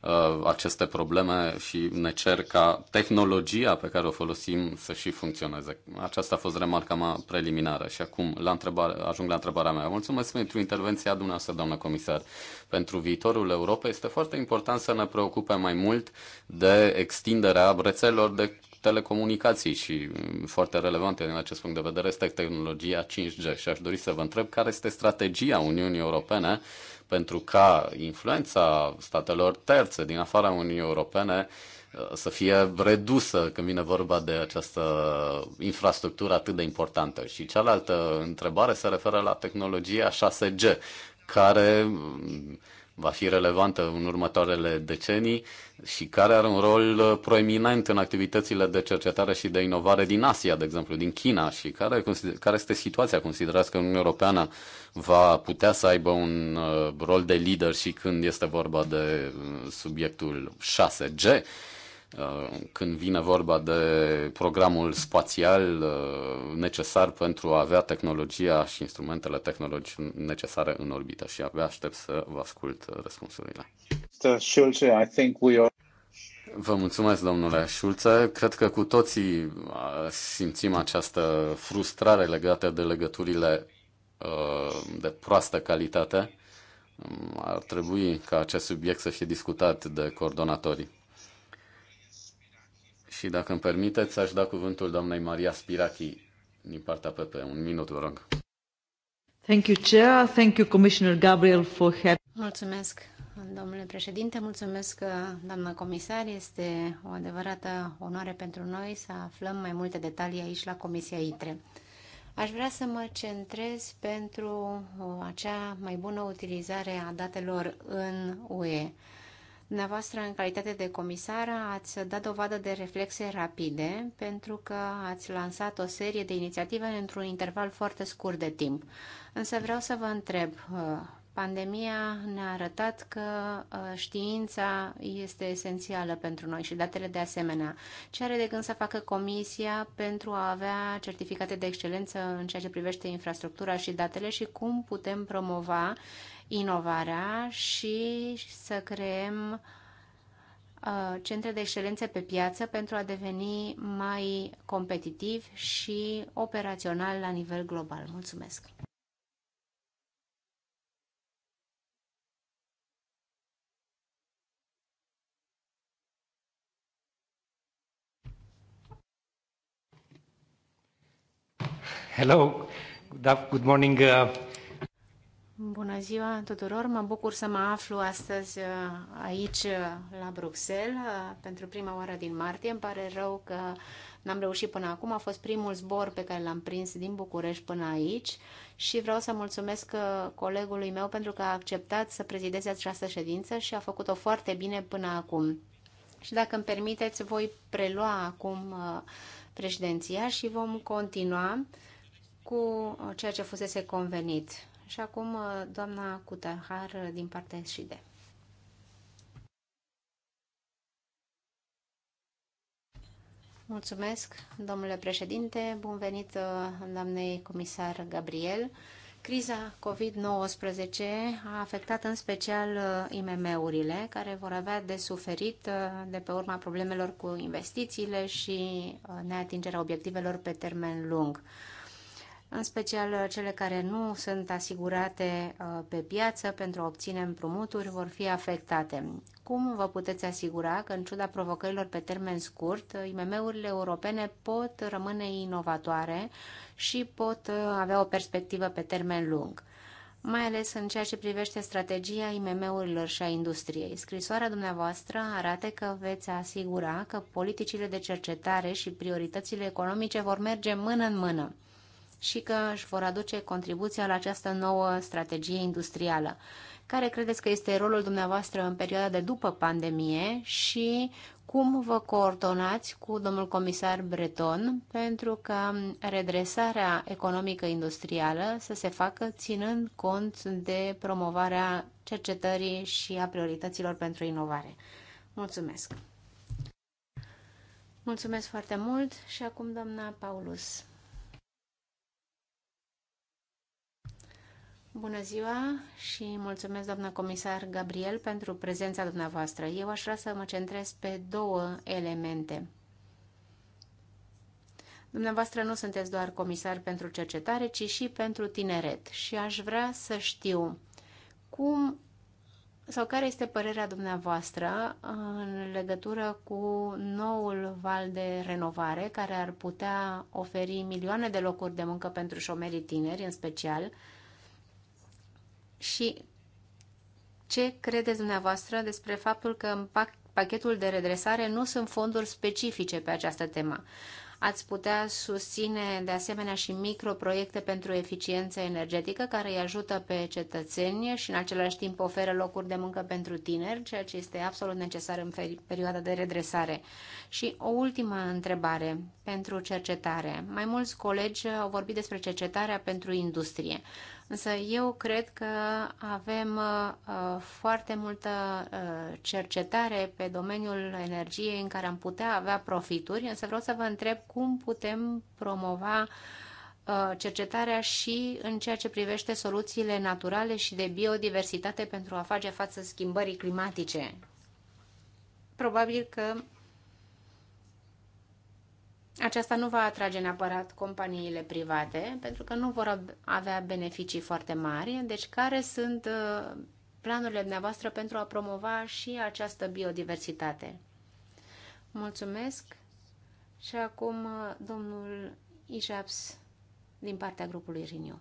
Uh, aceste probleme și ne cer ca tehnologia pe care o folosim să și funcționeze. Aceasta a fost remarca mea preliminară și acum la întrebare, ajung la întrebarea mea. Mulțumesc pentru intervenția dumneavoastră, doamnă comisar. Pentru viitorul Europei este foarte important să ne preocupe mai mult de extinderea rețelelor de telecomunicații și mm, foarte relevante din acest punct de vedere este tehnologia 5G și aș dori să vă întreb care este strategia Uniunii Europene pentru ca influența statelor terțe din afara Uniunii Europene uh, să fie redusă când vine vorba de această infrastructură atât de importantă. Și cealaltă întrebare se referă la tehnologia 6G, care mm, va fi relevantă în următoarele decenii și care are un rol uh, proeminent în activitățile de cercetare și de inovare din Asia, de exemplu, din China și care, care este situația? Considerați că Uniunea Europeană va putea să aibă un uh, rol de lider și când este vorba de uh, subiectul 6G? Uh, când vine vorba de programul spațial uh, necesar pentru a avea tehnologia și instrumentele tehnologice necesare în orbită și abia aștept să vă ascult uh, răspunsurile. Schulze, I think we are... Vă mulțumesc, domnule Șulță. Cred că cu toții simțim această frustrare legată de legăturile de proastă calitate. Um, ar trebui ca acest subiect să fie discutat de coordonatorii. Și dacă îmi permiteți, aș da cuvântul doamnei Maria Spirachi din partea PP. Un minut, vă rog.
Thank you, Chair. Thank you, Commissioner Gabriel, for
Mulțumesc, domnule președinte. Mulțumesc, uh, doamna comisar. Este o adevărată onoare pentru noi să aflăm mai multe detalii aici la Comisia ITRE. Aș vrea să mă centrez pentru uh, acea mai bună utilizare a datelor în UE. Dumneavoastră, în calitate de comisar ați dat dovadă de reflexe rapide pentru că ați lansat o serie de inițiative într-un interval foarte scurt de timp. Însă vreau să vă întreb, uh, pandemia ne-a arătat că uh, știința este esențială pentru noi și datele de asemenea. Ce are de gând să facă Comisia pentru a avea certificate de excelență în ceea ce privește infrastructura și datele și cum putem promova inovarea și să creăm uh, centre de excelență pe piață pentru a deveni mai competitiv și operațional la nivel global. Mulțumesc!
Hello, good morning. Uh,
Bună ziua tuturor! Mă bucur să mă aflu astăzi uh, aici uh, la Bruxelles uh, pentru prima oară din martie. Îmi pare rău că n-am reușit până acum. A fost primul zbor pe care l-am prins din București până aici și vreau să mulțumesc colegului meu pentru că a acceptat să prezideze această ședință și a făcut-o foarte bine până acum. Și dacă îmi permiteți, voi prelua acum președinția și vom continua cu ceea ce fusese convenit și acum uh, doamna Cutahar uh, din partea SID. Mulțumesc, domnule președinte. Bun venit, uh, doamnei comisar Gabriel. Criza COVID-19 a afectat în special IMM-urile, care vor avea de suferit de pe urma problemelor cu investițiile și neatingerea obiectivelor pe termen lung în special uh, cele care nu sunt asigurate uh, pe piață pentru a obține împrumuturi vor fi afectate. Cum vă puteți asigura că, în ciuda provocărilor pe termen scurt, uh, IMM-urile europene pot rămâne inovatoare și pot avea o perspectivă pe termen lung? mai ales în ceea ce privește strategia IMM-urilor și a industriei. Scrisoarea dumneavoastră arată că veți asigura că politicile de cercetare și prioritățile economice vor merge mână în mână și că își vor aduce contribuția la această nouă strategie industrială. Care credeți că este rolul dumneavoastră în perioada de după pandemie și cum vă coordonați cu domnul comisar Breton pentru ca redresarea economică industrială să se facă ținând cont de promovarea cercetării și a priorităților pentru inovare? Mulțumesc! Mulțumesc foarte mult și acum doamna Paulus. Bună ziua și mulțumesc, doamna comisar Gabriel, pentru prezența dumneavoastră. Eu aș vrea să mă centrez pe două elemente. Dumneavoastră nu sunteți doar comisar pentru cercetare, ci și pentru tineret și aș vrea să știu cum sau care este părerea dumneavoastră în legătură cu noul val de renovare care ar putea oferi milioane de locuri de muncă pentru șomerii tineri în special, și ce credeți dumneavoastră despre faptul că în pachetul de redresare nu sunt fonduri specifice pe această temă? Ați putea susține de asemenea și microproiecte pentru eficiență energetică care îi ajută pe cetățeni și în același timp oferă locuri de muncă pentru tineri, ceea ce este absolut necesar în perioada de redresare. Și o ultimă întrebare pentru cercetare. Mai mulți colegi au vorbit despre cercetarea pentru industrie. Însă eu cred că avem uh, foarte multă uh, cercetare pe domeniul energiei în care am putea avea profituri, însă vreau să vă întreb cum putem promova uh, cercetarea și în ceea ce privește soluțiile naturale și de biodiversitate pentru a face față schimbării climatice. Probabil că aceasta nu va atrage neapărat companiile private, pentru că nu vor avea beneficii foarte mari. Deci, care sunt uh, planurile dumneavoastră pentru a promova și această biodiversitate? Mulțumesc! Și acum uh, domnul Ișaps, din partea grupului Riniu.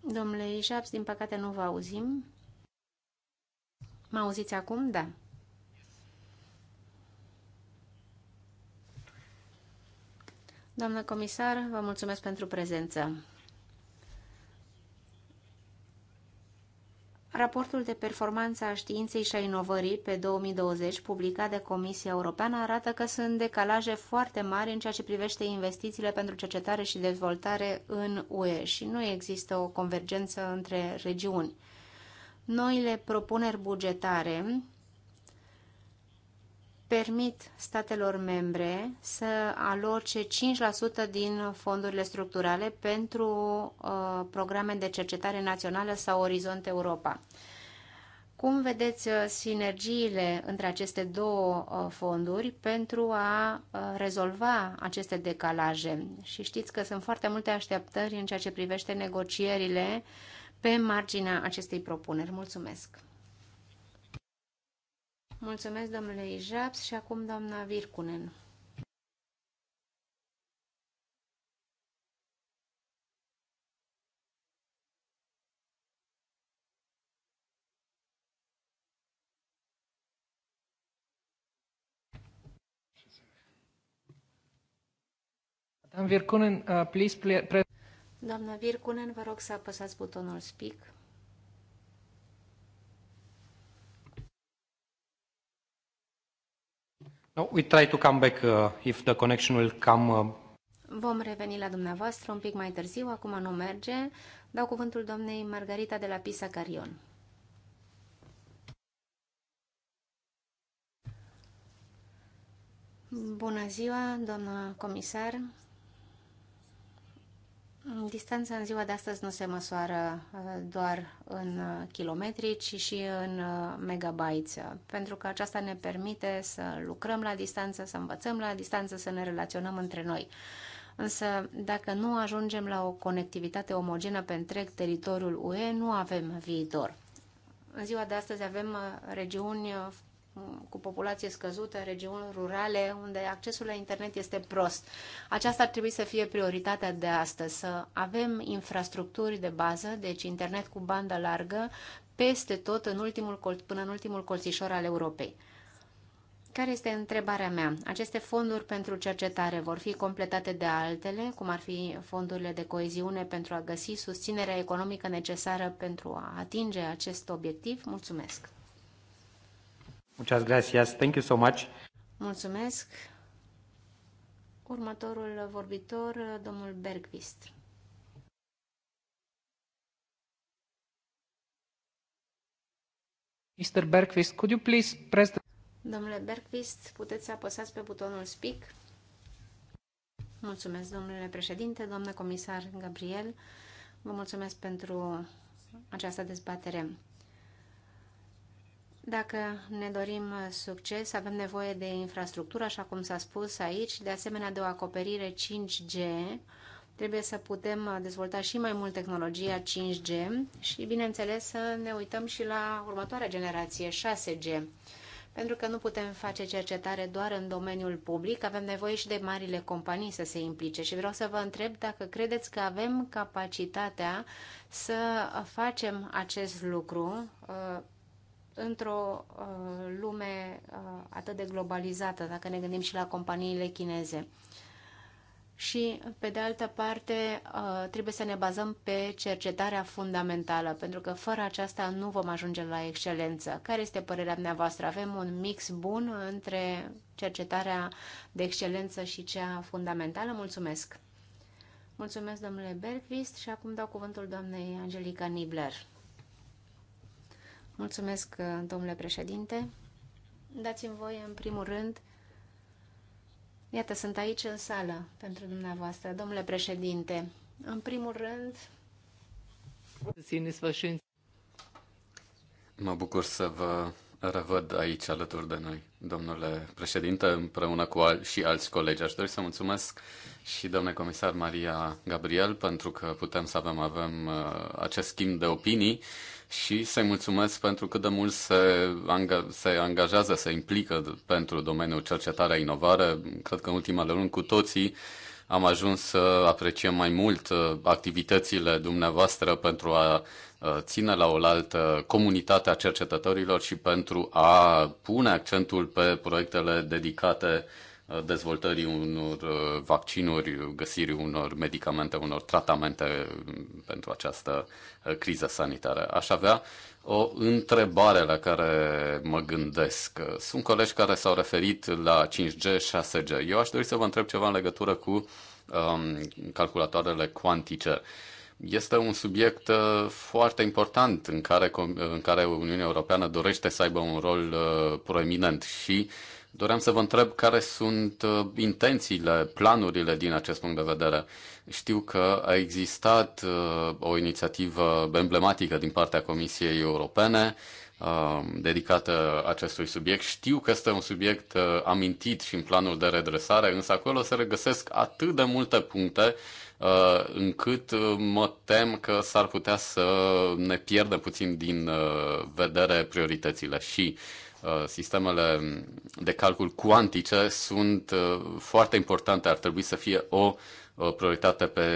Domnule Ișaps, din păcate nu vă auzim. Mă auziți acum? Da. Doamnă comisar, vă mulțumesc pentru prezență. Raportul de performanță a științei și a inovării pe 2020, publicat de Comisia Europeană, arată că sunt decalaje foarte mari în ceea ce privește investițiile pentru cercetare și dezvoltare în UE și nu există o convergență între regiuni. Noile propuneri bugetare permit statelor membre să aloce 5% din fondurile structurale pentru uh, programe de cercetare națională sau Orizont Europa. Cum vedeți uh, sinergiile între aceste două uh, fonduri pentru a uh, rezolva aceste decalaje? Și știți că sunt foarte multe așteptări în ceea ce privește negocierile pe marginea acestei propuneri. Mulțumesc! Mulțumesc, domnule Ijaps, și acum doamna Virkunen.
Doamna Virkunen,
uh, vă rog să apăsați butonul Speak.
we try to come back uh, if the connection will come. Uh...
Vom reveni la dumneavoastră un pic mai târziu, acum nu merge. Dau cuvântul doamnei Margarita de la Pisa Carion. Bună ziua, doamna comisar, Distanța în ziua de astăzi nu se măsoară uh, doar în uh, kilometri, ci și în uh, megabytes, pentru că aceasta ne permite să lucrăm la distanță, să învățăm la distanță, să ne relaționăm între noi. Însă, dacă nu ajungem la o conectivitate omogenă pe întreg teritoriul UE, nu avem viitor. În ziua de astăzi avem regiuni cu populație scăzută, regiuni rurale, unde accesul la internet este prost. Aceasta ar trebui să fie prioritatea de astăzi, să avem infrastructuri de bază, deci internet cu bandă largă, peste tot, în ultimul colț, până în ultimul colțișor al Europei. Care este întrebarea mea? Aceste fonduri pentru cercetare vor fi completate de altele, cum ar fi fondurile de coeziune pentru a găsi susținerea economică necesară pentru a atinge acest obiectiv? Mulțumesc!
Muchas gracias. Thank you so much.
Mulțumesc. Următorul vorbitor, domnul Bergvist.
Mr. Bergvist, could you please press the...
Domnule Bergvist, puteți să apăsați pe butonul Speak. Mulțumesc, domnule președinte, domnule comisar Gabriel. Vă mulțumesc pentru această dezbatere. Dacă ne dorim succes, avem nevoie de infrastructură, așa cum s-a spus aici, de asemenea de o acoperire 5G. Trebuie să putem dezvolta și mai mult tehnologia 5G și, bineînțeles, să ne uităm și la următoarea generație, 6G. Pentru că nu putem face cercetare doar în domeniul public, avem nevoie și de marile companii să se implice. Și vreau să vă întreb dacă credeți că avem capacitatea să facem acest lucru uh, într-o uh, lume uh, atât de globalizată, dacă ne gândim și la companiile chineze. Și, pe de altă parte, uh, trebuie să ne bazăm pe cercetarea fundamentală, pentru că fără aceasta nu vom ajunge la excelență. Care este părerea dumneavoastră? Avem un mix bun între cercetarea de excelență și cea fundamentală? Mulțumesc! Mulțumesc, domnule Bergvist, și acum dau cuvântul doamnei Angelica Nibler. Mulțumesc, uh, domnule președinte. Dați-mi voie, în primul rând, iată, sunt aici în sală pentru dumneavoastră, domnule președinte. În primul rând...
Mă bucur să vă revăd aici alături de noi, domnule președinte, împreună cu al- și alți colegi. Aș dori să mulțumesc și domnule comisar Maria Gabriel pentru că putem să avem, avem uh, acest schimb de opinii și să-i mulțumesc pentru cât de mult se, anga- se angajează, se implică pentru domeniul cercetare inovare. Cred că în ultimele luni cu toții am ajuns să apreciem mai mult uh, activitățile dumneavoastră pentru a uh, ține la oaltă comunitatea cercetătorilor și pentru a pune accentul pe proiectele dedicate uh, dezvoltării unor uh, vaccinuri, găsirii unor medicamente, unor tratamente mm, pentru această uh, criză sanitară. Aș avea o întrebare la care mă gândesc. Sunt colegi care s-au referit la 5G, 6G. Eu aș dori să vă întreb ceva în legătură cu um, calculatoarele cuantice. Este un subiect uh, foarte important în care, în care Uniunea Europeană dorește să aibă un rol uh, proeminent și uh, Doream să vă întreb care sunt uh, intențiile, planurile din acest punct de vedere. Știu că a existat uh, o inițiativă emblematică din partea Comisiei Europene uh, dedicată acestui subiect. Știu că este un subiect amintit și în planul de redresare, însă acolo se regăsesc atât de multe puncte încât mă tem că s-ar putea să ne pierdem puțin din vedere prioritățile și uh, Uh, sistemele de calcul cuantice sunt uh, foarte importante, ar trebui să fie o uh, prioritate pe,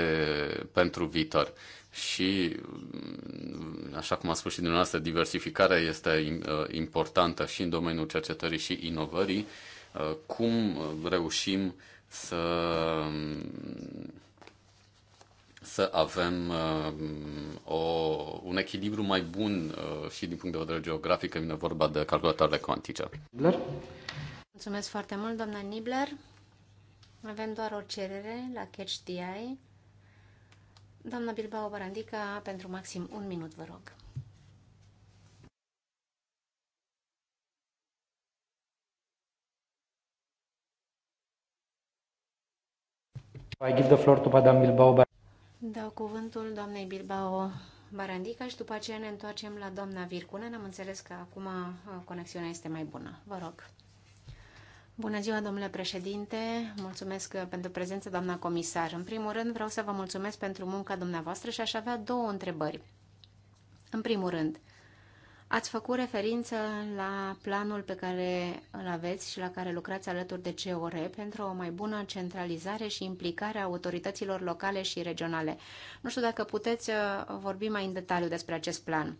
pentru viitor. Și, mm, așa cum a spus și dumneavoastră, diversificarea este importantă și în domeniul cercetării și inovării. Cum reușim să mm, să avem uh, o, un echilibru mai bun uh, și din punct de vedere geografic când vine vorba de calculatoarele cuantice.
Nibler? Mulțumesc foarte mult, doamna Nibler. Avem doar o cerere la Catch DI. Doamna Bilbao Barandica, pentru maxim un minut, vă rog.
I give the floor to Madame Bilbao Barandica.
Dau cuvântul doamnei Bilbao Barandica și după aceea ne întoarcem la doamna Vircunen. Am înțeles că acum uh, conexiunea este mai bună. Vă rog. Bună ziua, domnule președinte! Mulțumesc uh, pentru prezență, doamna comisar. În primul rând, vreau să vă mulțumesc pentru munca dumneavoastră și aș avea două întrebări. În primul rând, Ați făcut referință la planul pe care îl aveți și la care lucrați alături de COR pentru o mai bună centralizare și implicare a autorităților locale și regionale. Nu știu dacă puteți uh, vorbi mai în detaliu despre acest plan.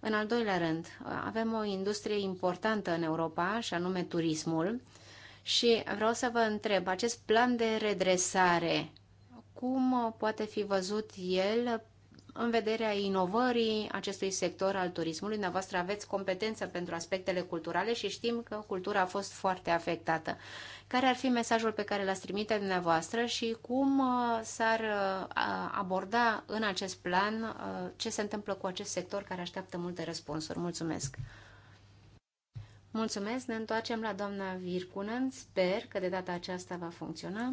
În al doilea rând, uh, avem o industrie importantă în Europa, și anume turismul, și vreau să vă întreb, acest plan de redresare, cum poate fi văzut el în vederea inovării acestui sector al turismului. Dumneavoastră aveți competență pentru aspectele culturale și știm că cultura a fost foarte afectată. Care ar fi mesajul pe care l-ați trimite dumneavoastră și cum uh, s-ar uh, aborda în acest plan uh, ce se întâmplă cu acest sector care așteaptă multe răspunsuri? Mulțumesc! Mulțumesc, ne întoarcem la doamna Vircunen. Sper că de data aceasta va funcționa.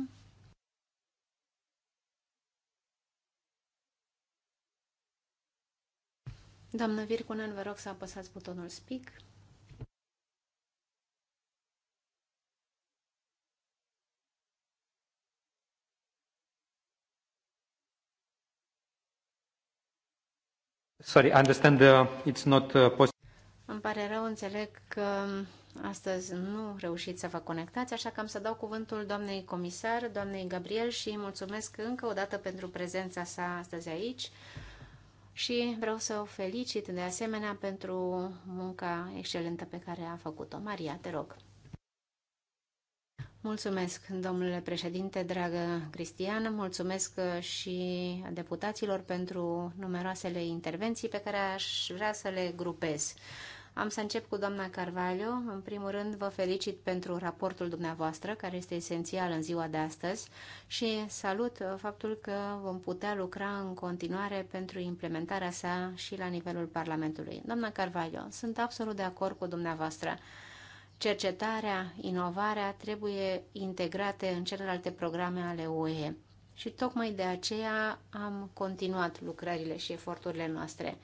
Doamnă Vircunen, vă rog să apăsați butonul Speak.
Sorry, I understand uh, it's not uh,
possible. Îmi pare rău, înțeleg că astăzi nu reușiți să vă conectați, așa că am să dau cuvântul doamnei comisar, doamnei Gabriel și îi mulțumesc încă o dată pentru prezența sa astăzi aici și vreau să o felicit de asemenea pentru munca excelentă pe care a făcut-o. Maria, te rog. Mulțumesc, domnule președinte, dragă Cristian, mulțumesc și deputaților pentru numeroasele intervenții pe care aș vrea să le grupez. Am să încep cu doamna Carvalho. În primul rând, vă felicit pentru raportul dumneavoastră, care este esențial în ziua de astăzi, și salut uh, faptul că vom putea lucra în continuare pentru implementarea sa și la nivelul Parlamentului. Doamna Carvalho, sunt absolut de acord cu dumneavoastră. Cercetarea, inovarea trebuie integrate în celelalte programe ale UE. Și tocmai de aceea am continuat lucrările și eforturile noastre.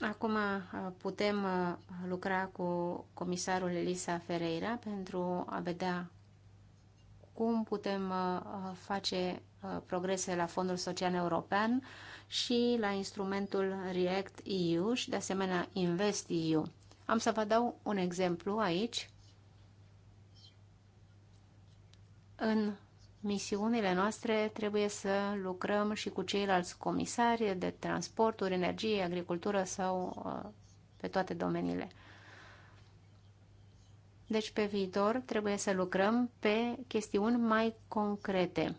Acum uh, putem uh, lucra cu comisarul Elisa Ferreira pentru a vedea cum putem uh, face progrese la Fondul Social European și la instrumentul React EU și de asemenea Invest EU. Am să vă dau un exemplu aici. În misiunile noastre trebuie să lucrăm și cu ceilalți comisari de transporturi, energie, agricultură sau uh, pe toate domeniile. Deci pe viitor trebuie să lucrăm pe chestiuni mai concrete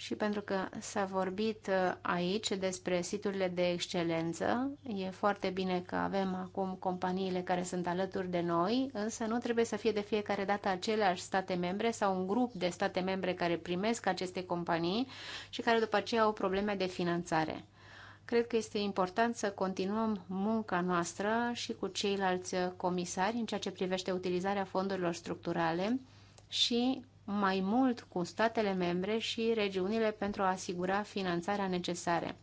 și pentru că s-a vorbit uh, aici despre siturile de excelență, e foarte bine că avem acum companiile care sunt alături de noi, însă nu trebuie să fie de fiecare dată aceleași state membre sau un grup de state membre care primesc aceste companii și care după aceea au probleme de finanțare. Cred că este important să continuăm munca noastră și cu ceilalți comisari în ceea ce privește utilizarea fondurilor structurale și mai mult cu statele membre și regiunile pentru a asigura finanțarea necesară.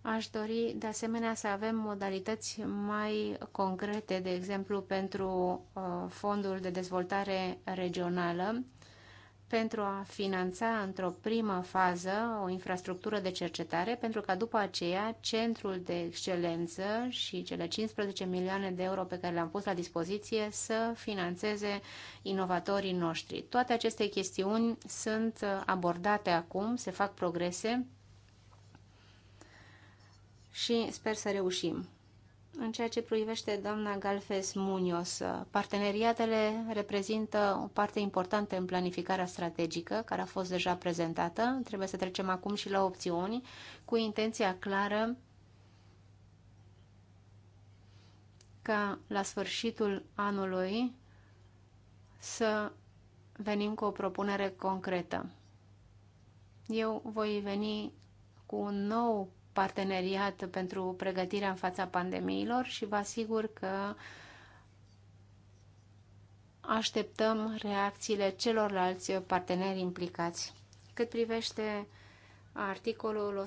Aș dori de asemenea să avem modalități mai concrete, de exemplu pentru uh, Fondul de Dezvoltare Regională, pentru a finanța într-o primă fază o infrastructură de cercetare, pentru ca după aceea centrul de excelență și cele 15 milioane de euro pe care le-am pus la dispoziție să financeze inovatorii noștri. Toate aceste chestiuni sunt abordate acum, se fac progrese și sper să reușim. În ceea ce privește doamna Galfes Munios, parteneriatele reprezintă o parte importantă în planificarea strategică care a fost deja prezentată. Trebuie să trecem acum și la opțiuni cu intenția clară ca la sfârșitul anului să venim cu o propunere concretă. Eu voi veni cu un nou parteneriat pentru pregătirea în fața pandemiilor și vă asigur că așteptăm reacțiile celorlalți parteneri implicați. Cât privește articolul 184-189,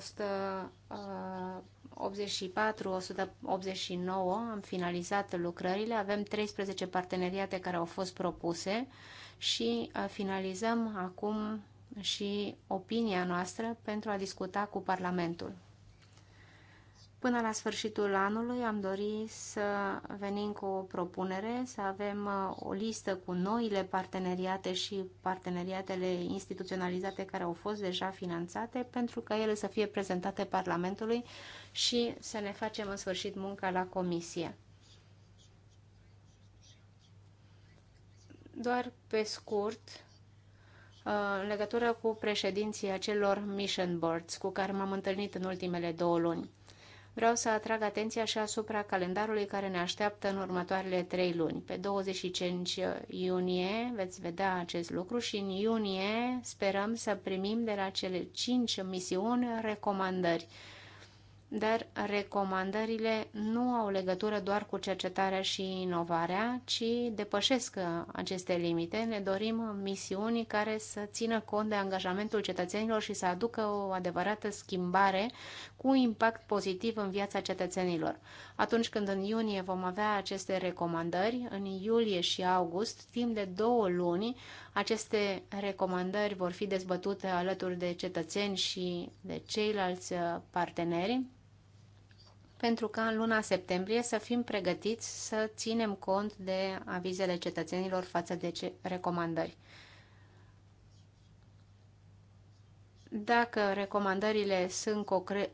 uh, am finalizat lucrările, avem 13 parteneriate care au fost propuse și uh, finalizăm acum și opinia noastră pentru a discuta cu Parlamentul. Până la sfârșitul anului am dorit să venim cu o propunere, să avem uh, o listă cu noile parteneriate și parteneriatele instituționalizate care au fost deja finanțate pentru ca ele să fie prezentate Parlamentului și să ne facem în sfârșit munca la comisie. Doar pe scurt, uh, în legătură cu președinția celor mission boards cu care m-am întâlnit în ultimele două luni. Vreau să atrag atenția și asupra calendarului care ne așteaptă în următoarele trei luni. Pe 25 iunie veți vedea acest lucru și în iunie sperăm să primim de la cele cinci misiuni recomandări dar recomandările nu au legătură doar cu cercetarea și inovarea, ci depășesc aceste limite. Ne dorim misiuni care să țină cont de angajamentul cetățenilor și să aducă o adevărată schimbare cu impact pozitiv în viața cetățenilor. Atunci când în iunie vom avea aceste recomandări, în iulie și august, timp de două luni, aceste recomandări vor fi dezbătute alături de cetățeni și de ceilalți parteneri pentru ca în luna septembrie să fim pregătiți să ținem cont de avizele cetățenilor față de recomandări. Dacă recomandările sunt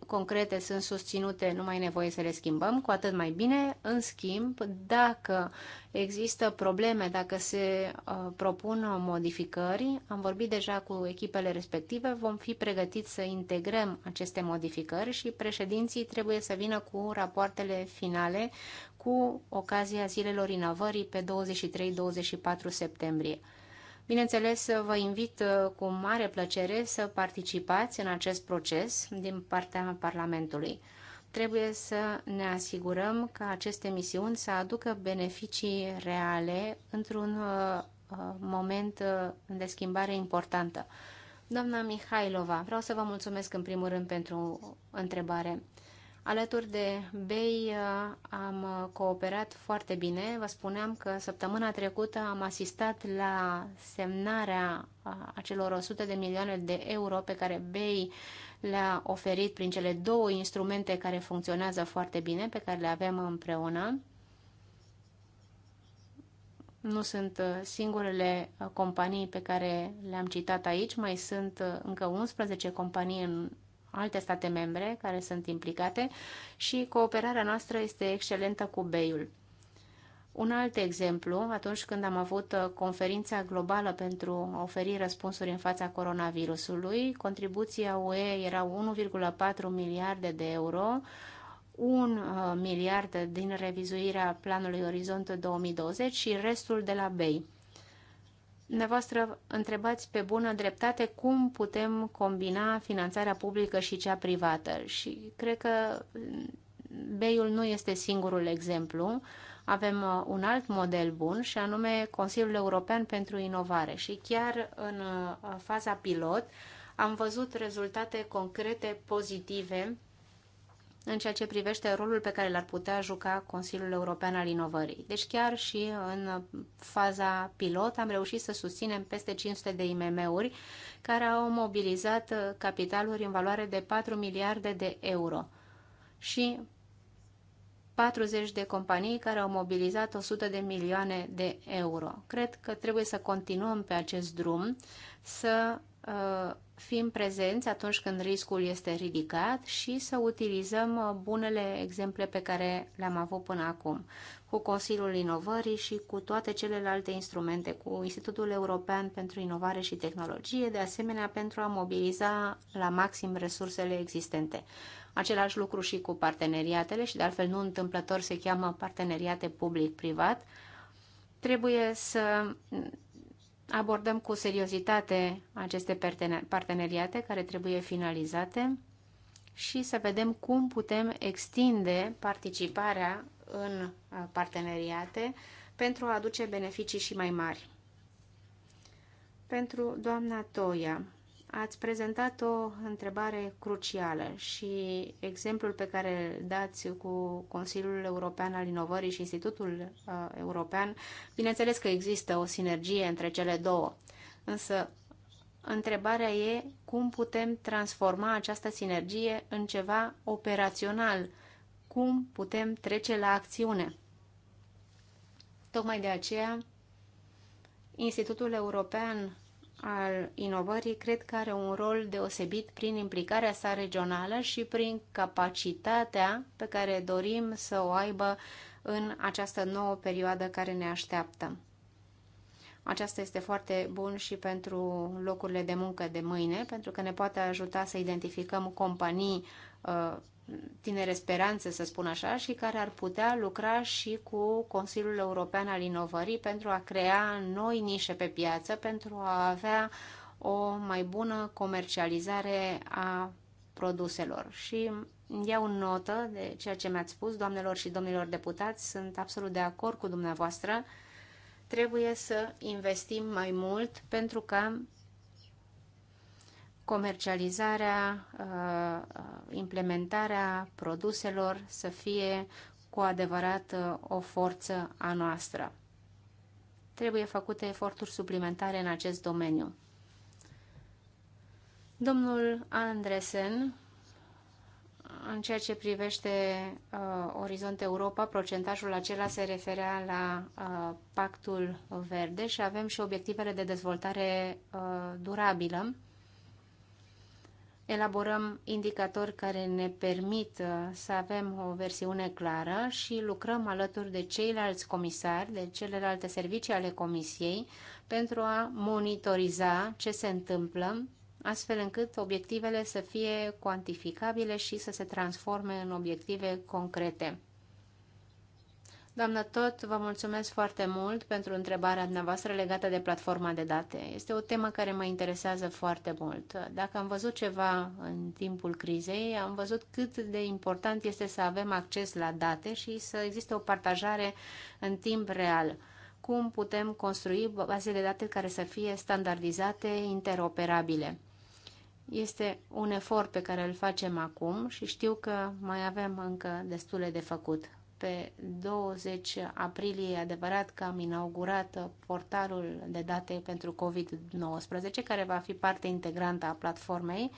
concrete, sunt susținute, nu mai e nevoie să le schimbăm, cu atât mai bine. În schimb, dacă există probleme, dacă se uh, propun modificări, am vorbit deja cu echipele respective, vom fi pregătiți să integrăm aceste modificări și președinții trebuie să vină cu rapoartele finale cu ocazia zilelor inovării pe 23-24 septembrie. Bineînțeles, vă invit uh, cu mare plăcere să participați în acest proces din partea Parlamentului. Trebuie să ne asigurăm că aceste misiuni să aducă beneficii reale într-un uh, uh, moment de schimbare importantă. Doamna Mihailova, vreau să vă mulțumesc în primul rând pentru întrebare. Alături de BEI uh, am uh, cooperat foarte bine. Vă spuneam că săptămâna trecută am asistat la semnarea uh, acelor 100 de milioane de euro pe care BEI le-a oferit prin cele două instrumente care funcționează foarte bine, pe care le avem împreună. Nu sunt singurele companii pe care le-am citat aici, mai sunt încă 11 companii în alte state membre care sunt implicate și cooperarea noastră este excelentă cu BEI-ul. Un alt exemplu, atunci când am avut uh, conferința globală pentru a oferi răspunsuri în fața coronavirusului, contribuția UE era 1,4 miliarde de euro, 1 uh, miliard din revizuirea planului Orizont 2020 și restul de la BEI. Nevoastră întrebați pe bună dreptate cum putem combina finanțarea publică și cea privată și cred că Beiul nu este singurul exemplu. Avem uh, un alt model bun și anume Consiliul European pentru Inovare și chiar în uh, faza pilot am văzut rezultate concrete pozitive în ceea ce privește rolul pe care l-ar putea juca Consiliul European al Inovării. Deci chiar și în faza pilot am reușit să susținem peste 500 de IMM-uri care au mobilizat capitaluri în valoare de 4 miliarde de euro și 40 de companii care au mobilizat 100 de milioane de euro. Cred că trebuie să continuăm pe acest drum, să uh, fim prezenți atunci când riscul este ridicat și să utilizăm uh, bunele exemple pe care le-am avut până acum cu Consiliul Inovării și cu toate celelalte instrumente, cu Institutul European pentru Inovare și Tehnologie, de asemenea pentru a mobiliza la maxim resursele existente. Același lucru și cu parteneriatele și de altfel nu întâmplător se cheamă parteneriate public-privat. Trebuie să abordăm cu seriozitate aceste parteneriate care trebuie finalizate și să vedem cum putem extinde participarea în uh, parteneriate pentru a aduce beneficii și mai mari. Pentru doamna Toia, ați prezentat o întrebare crucială și exemplul pe care îl dați cu Consiliul European al Inovării și Institutul uh, European, bineînțeles că există o sinergie între cele două, însă întrebarea e cum putem transforma această sinergie în ceva operațional, cum putem trece la acțiune. Tocmai de aceea, Institutul European al inovării cred că are un rol deosebit prin implicarea sa regională și prin capacitatea pe care dorim să o aibă în această nouă perioadă care ne așteaptă. Aceasta este foarte bun și pentru locurile de muncă de mâine, pentru că ne poate ajuta să identificăm companii uh, tinere speranțe, să spun așa, și care ar putea lucra și cu Consiliul European al Inovării pentru a crea noi nișe pe piață, pentru a avea o mai bună comercializare a produselor. Și iau notă de ceea ce mi-ați spus, doamnelor și domnilor deputați, sunt absolut de acord cu dumneavoastră. Trebuie să investim mai mult pentru că comercializarea, uh, uh, implementarea produselor să fie cu adevărat uh, o forță a noastră. Trebuie făcute eforturi suplimentare în acest domeniu. Domnul Andresen, în ceea ce privește uh, Orizont Europa, procentajul acela se referea la uh, pactul verde și avem și obiectivele de dezvoltare uh, durabilă elaborăm indicatori care ne permit uh, să avem o versiune clară și lucrăm alături de ceilalți comisari, de celelalte servicii ale comisiei, pentru a monitoriza ce se întâmplă, astfel încât obiectivele să fie cuantificabile și să se transforme în obiective concrete. Doamnă Tot, vă mulțumesc foarte mult pentru întrebarea dumneavoastră legată de platforma de date. Este o temă care mă interesează foarte mult. Dacă am văzut ceva în timpul crizei, am văzut cât de important este să avem acces la date și să existe o partajare în timp real. Cum putem construi baze de date care să fie standardizate, interoperabile? Este un efort pe care îl facem acum și știu că mai avem încă destule de făcut. Pe 20 aprilie, e adevărat că am inaugurat portalul de date pentru COVID-19, care va fi parte integrantă a platformei.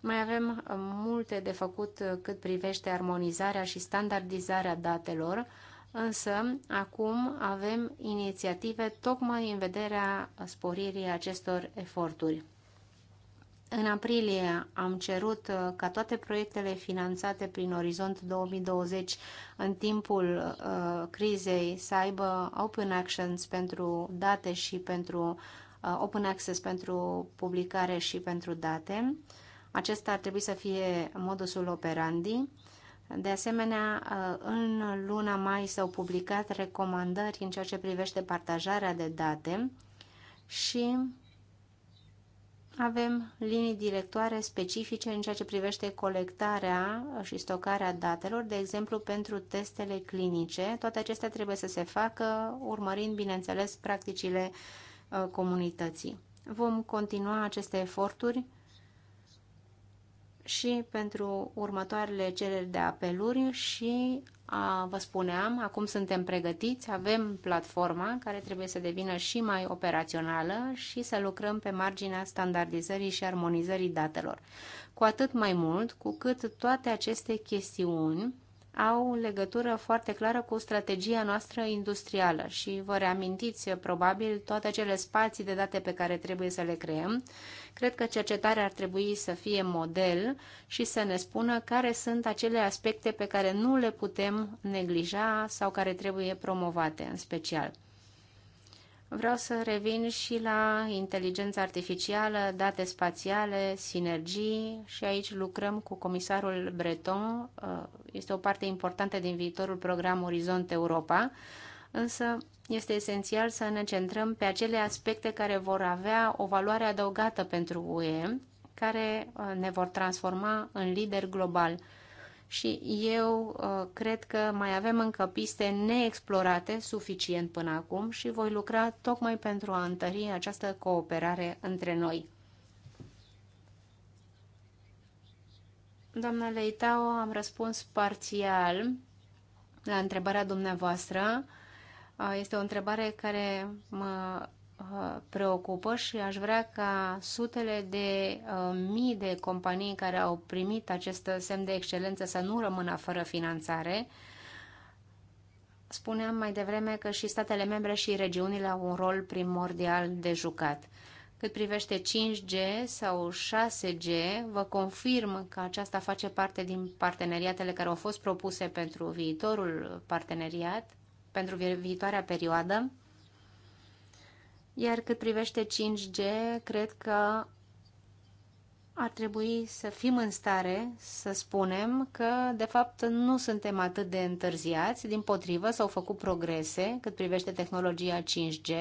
Mai avem multe de făcut cât privește armonizarea și standardizarea datelor, însă acum avem inițiative tocmai în vederea sporirii acestor eforturi. În aprilie am cerut uh, ca toate proiectele finanțate prin Orizont 2020 în timpul uh, crizei să aibă open actions pentru date și pentru uh, open access pentru publicare și pentru date. Acesta ar trebui să fie modusul operandi. De asemenea, uh, în luna mai s-au publicat recomandări în ceea ce privește partajarea de date și avem linii directoare specifice în ceea ce privește colectarea și stocarea datelor, de exemplu pentru testele clinice. Toate acestea trebuie să se facă urmărind, bineînțeles, practicile uh, comunității. Vom continua aceste eforturi și pentru următoarele cereri de apeluri și a, vă spuneam, acum suntem pregătiți, avem platforma care trebuie să devină și mai operațională și să lucrăm pe marginea standardizării și armonizării datelor. Cu atât mai mult, cu cât toate aceste chestiuni au legătură foarte clară cu strategia noastră industrială și vă reamintiți probabil toate acele spații de date pe care trebuie să le creăm. Cred că cercetarea ar trebui să fie model și să ne spună care sunt acele aspecte pe care nu le putem neglija sau care trebuie promovate în special. Vreau să revin și la inteligența artificială, date spațiale, sinergii și aici lucrăm cu comisarul Breton. Uh, este o parte importantă din viitorul program Orizont Europa, însă este esențial să ne centrăm pe acele aspecte care vor avea o valoare adăugată pentru UE, care uh, ne vor transforma în lider global și eu uh, cred că mai avem încă piste neexplorate suficient până acum și voi lucra tocmai pentru a întări această cooperare între noi. Doamna Leitao, am răspuns parțial la întrebarea dumneavoastră. Uh, este o întrebare care mă Uh, preocupă și aș vrea ca sutele de uh, mii de companii care au primit acest semn de excelență să nu rămână fără finanțare. Spuneam mai devreme că și statele membre și regiunile au un rol primordial de jucat. Cât privește 5G sau 6G, vă confirm că aceasta face parte din parteneriatele care au fost propuse pentru viitorul parteneriat, pentru viitoarea perioadă. Iar cât privește 5G, cred că ar trebui să fim în stare să spunem că, de fapt, nu suntem atât de întârziați. Din potrivă, s-au făcut progrese cât privește tehnologia 5G.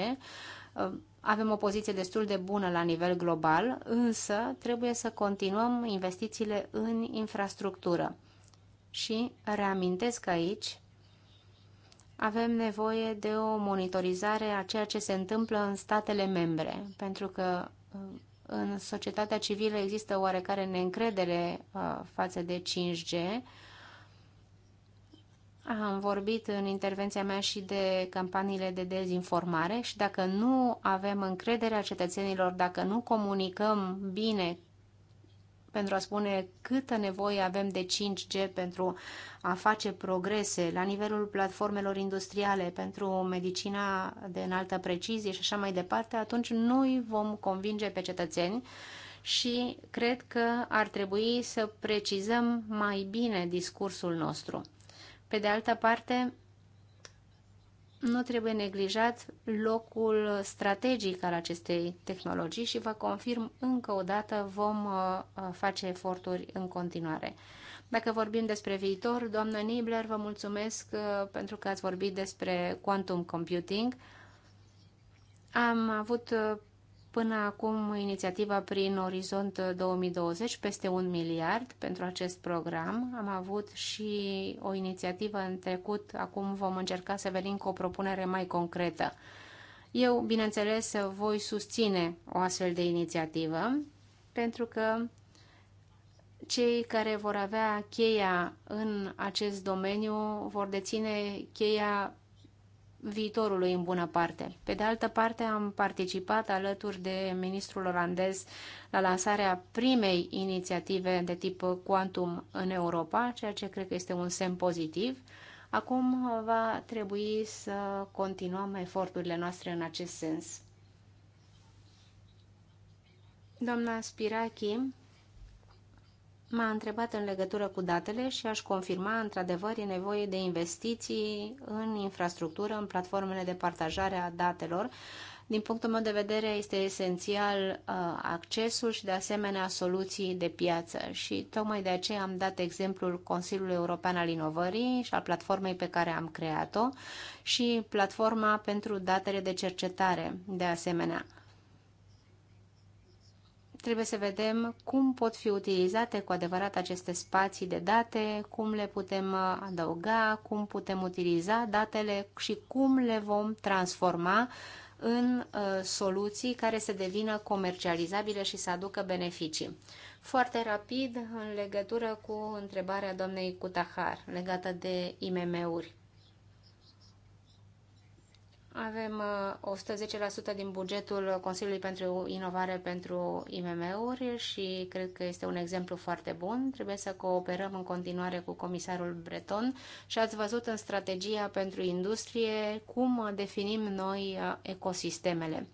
Avem o poziție destul de bună la nivel global, însă trebuie să continuăm investițiile în infrastructură. Și reamintesc aici avem nevoie de o monitorizare a ceea ce se întâmplă în statele membre, pentru că uh, în societatea civilă există oarecare neîncredere uh, față de 5G. Am vorbit în intervenția mea și de campaniile de dezinformare și dacă nu avem încrederea cetățenilor, dacă nu comunicăm bine pentru a spune câtă nevoie avem de 5G pentru a face progrese la nivelul platformelor industriale pentru medicina de înaltă precizie și așa mai departe, atunci noi vom convinge pe cetățeni și cred că ar trebui să precizăm mai bine discursul nostru. Pe de altă parte, nu trebuie neglijat locul strategic al acestei tehnologii și vă confirm încă o dată vom uh, uh, face eforturi în continuare. Dacă vorbim despre viitor, doamnă Nibler, vă mulțumesc uh, pentru că ați vorbit despre quantum computing. Am avut Până acum, inițiativa prin Orizont 2020, peste un miliard pentru acest program. Am avut și o inițiativă în trecut, acum vom încerca să venim cu o propunere mai concretă. Eu, bineînțeles, voi susține o astfel de inițiativă, pentru că cei care vor avea cheia în acest domeniu vor deține cheia viitorului în bună parte. Pe de altă parte, am participat alături de ministrul olandez la lansarea primei inițiative de tip quantum în Europa, ceea ce cred că este un semn pozitiv. Acum va trebui să continuăm eforturile noastre în acest sens. Doamna Spirachi m-a întrebat în legătură cu datele și aș confirma, într-adevăr, e nevoie de investiții în infrastructură, în platformele de partajare a datelor. Din punctul meu de vedere, este esențial uh, accesul și, de asemenea, soluții de piață. Și tocmai de aceea am dat exemplul Consiliului European al Inovării și al platformei pe care am creat-o și platforma pentru datele de cercetare, de asemenea trebuie să vedem cum pot fi utilizate cu adevărat aceste spații de date, cum le putem uh, adăuga, cum putem utiliza datele și cum le vom transforma în uh, soluții care să devină comercializabile și să aducă beneficii. Foarte rapid, în legătură cu întrebarea doamnei Cutahar legată de IMM-uri. Avem 110% uh, din bugetul Consiliului pentru Inovare pentru IMM-uri și cred că este un exemplu foarte bun. Trebuie să cooperăm în continuare cu comisarul Breton și ați văzut în strategia pentru industrie cum definim noi uh, ecosistemele.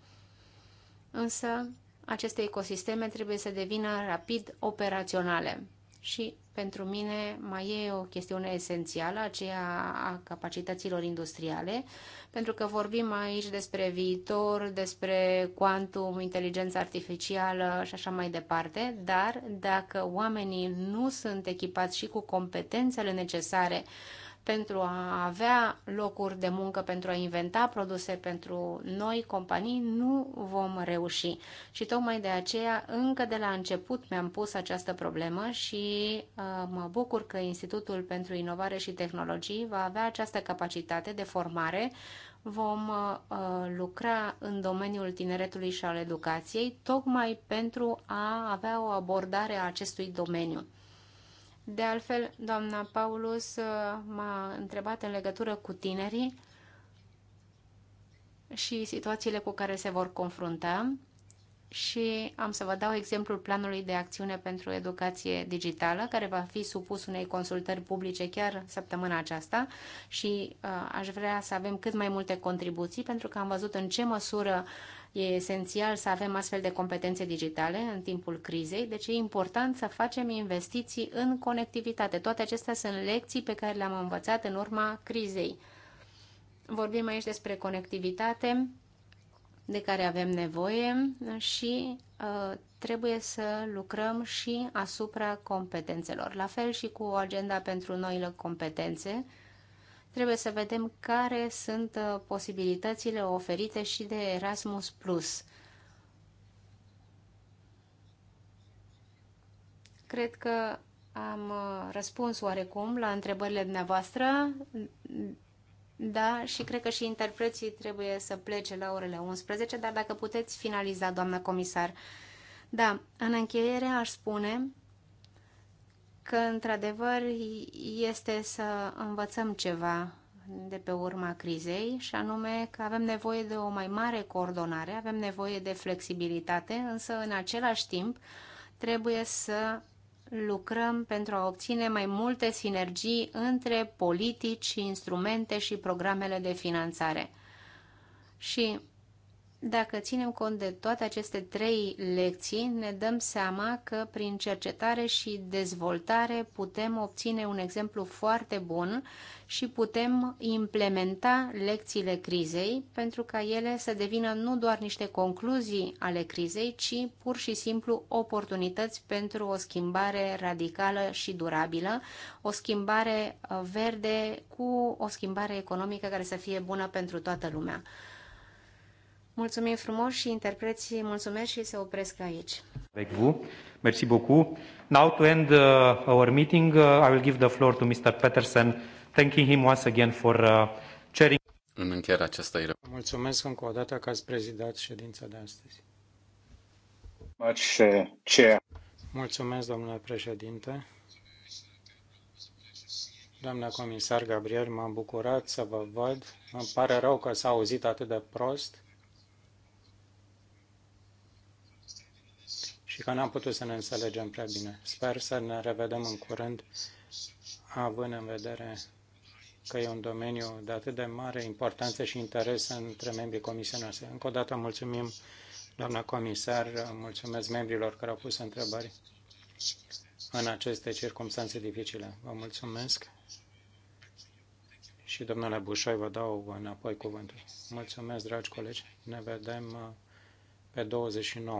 Însă, aceste ecosisteme trebuie să devină rapid operaționale și pentru mine mai e o chestiune esențială, aceea a capacităților industriale, pentru că vorbim aici despre viitor, despre quantum, inteligența artificială și așa mai departe, dar dacă oamenii nu sunt echipați și cu competențele necesare pentru a avea locuri de muncă, pentru a inventa produse pentru noi companii, nu vom reuși. Și tocmai de aceea, încă de la început mi-am pus această problemă și uh, mă bucur că Institutul pentru Inovare și Tehnologii va avea această capacitate de formare vom uh, lucra în domeniul tineretului și al educației, tocmai pentru a avea o abordare a acestui domeniu. De altfel, doamna Paulus uh, m-a întrebat în legătură cu tinerii și situațiile cu care se vor confrunta și am să vă dau exemplul planului de acțiune pentru educație digitală, care va fi supus unei consultări publice chiar săptămâna aceasta și uh, aș vrea să avem cât mai multe contribuții, pentru că am văzut în ce măsură E esențial să avem astfel de competențe digitale în timpul crizei, deci e important să facem investiții în conectivitate. Toate acestea sunt lecții pe care le-am învățat în urma crizei. Vorbim aici despre conectivitate de care avem nevoie și uh, trebuie să lucrăm și asupra competențelor. La fel și cu o agenda pentru noile competențe, Trebuie să vedem care sunt uh, posibilitățile oferite și de Erasmus+. Plus. Cred că am uh, răspuns oarecum la întrebările dumneavoastră. Da, și cred că și interpreții trebuie să plece la orele 11, dar dacă puteți finaliza, doamnă comisar. Da, în încheiere aș spune că într-adevăr este să învățăm ceva de pe urma crizei și anume că avem nevoie de o mai mare coordonare, avem nevoie de flexibilitate, însă în același timp trebuie să lucrăm pentru a obține mai multe sinergii între politici, instrumente și programele de finanțare. Și dacă ținem cont de toate aceste trei lecții, ne dăm seama că prin cercetare și dezvoltare putem obține un exemplu foarte bun și putem implementa lecțiile crizei pentru ca ele să devină nu doar niște concluzii ale crizei, ci pur și simplu oportunități pentru o schimbare radicală și durabilă, o schimbare uh, verde cu o schimbare economică care să fie bună pentru toată lumea. Mulțumim frumos și interpreții mulțumesc și se opresc aici.
Avec vous. Merci beaucoup. Now to end uh, our meeting, uh, I will give the floor to Mr. Peterson, thanking him once again for uh, chairing. În încheierea acestei Mulțumesc încă o dată că ați prezidat ședința de astăzi. Uh, mulțumesc, domnule președinte. Doamna comisar Gabriel, m-am bucurat să vă văd. Îmi pare rău că s-a auzit atât de prost și că n-am putut să ne înțelegem prea bine. Sper să ne revedem în curând, având în vedere că e un domeniu de atât de mare importanță și interes între membrii comisiei noastre. Încă o dată mulțumim, doamna comisar, mulțumesc membrilor care au pus întrebări în aceste circunstanțe dificile. Vă mulțumesc și domnule Bușoi vă dau înapoi cuvântul. Mulțumesc, dragi colegi, ne vedem pe 29.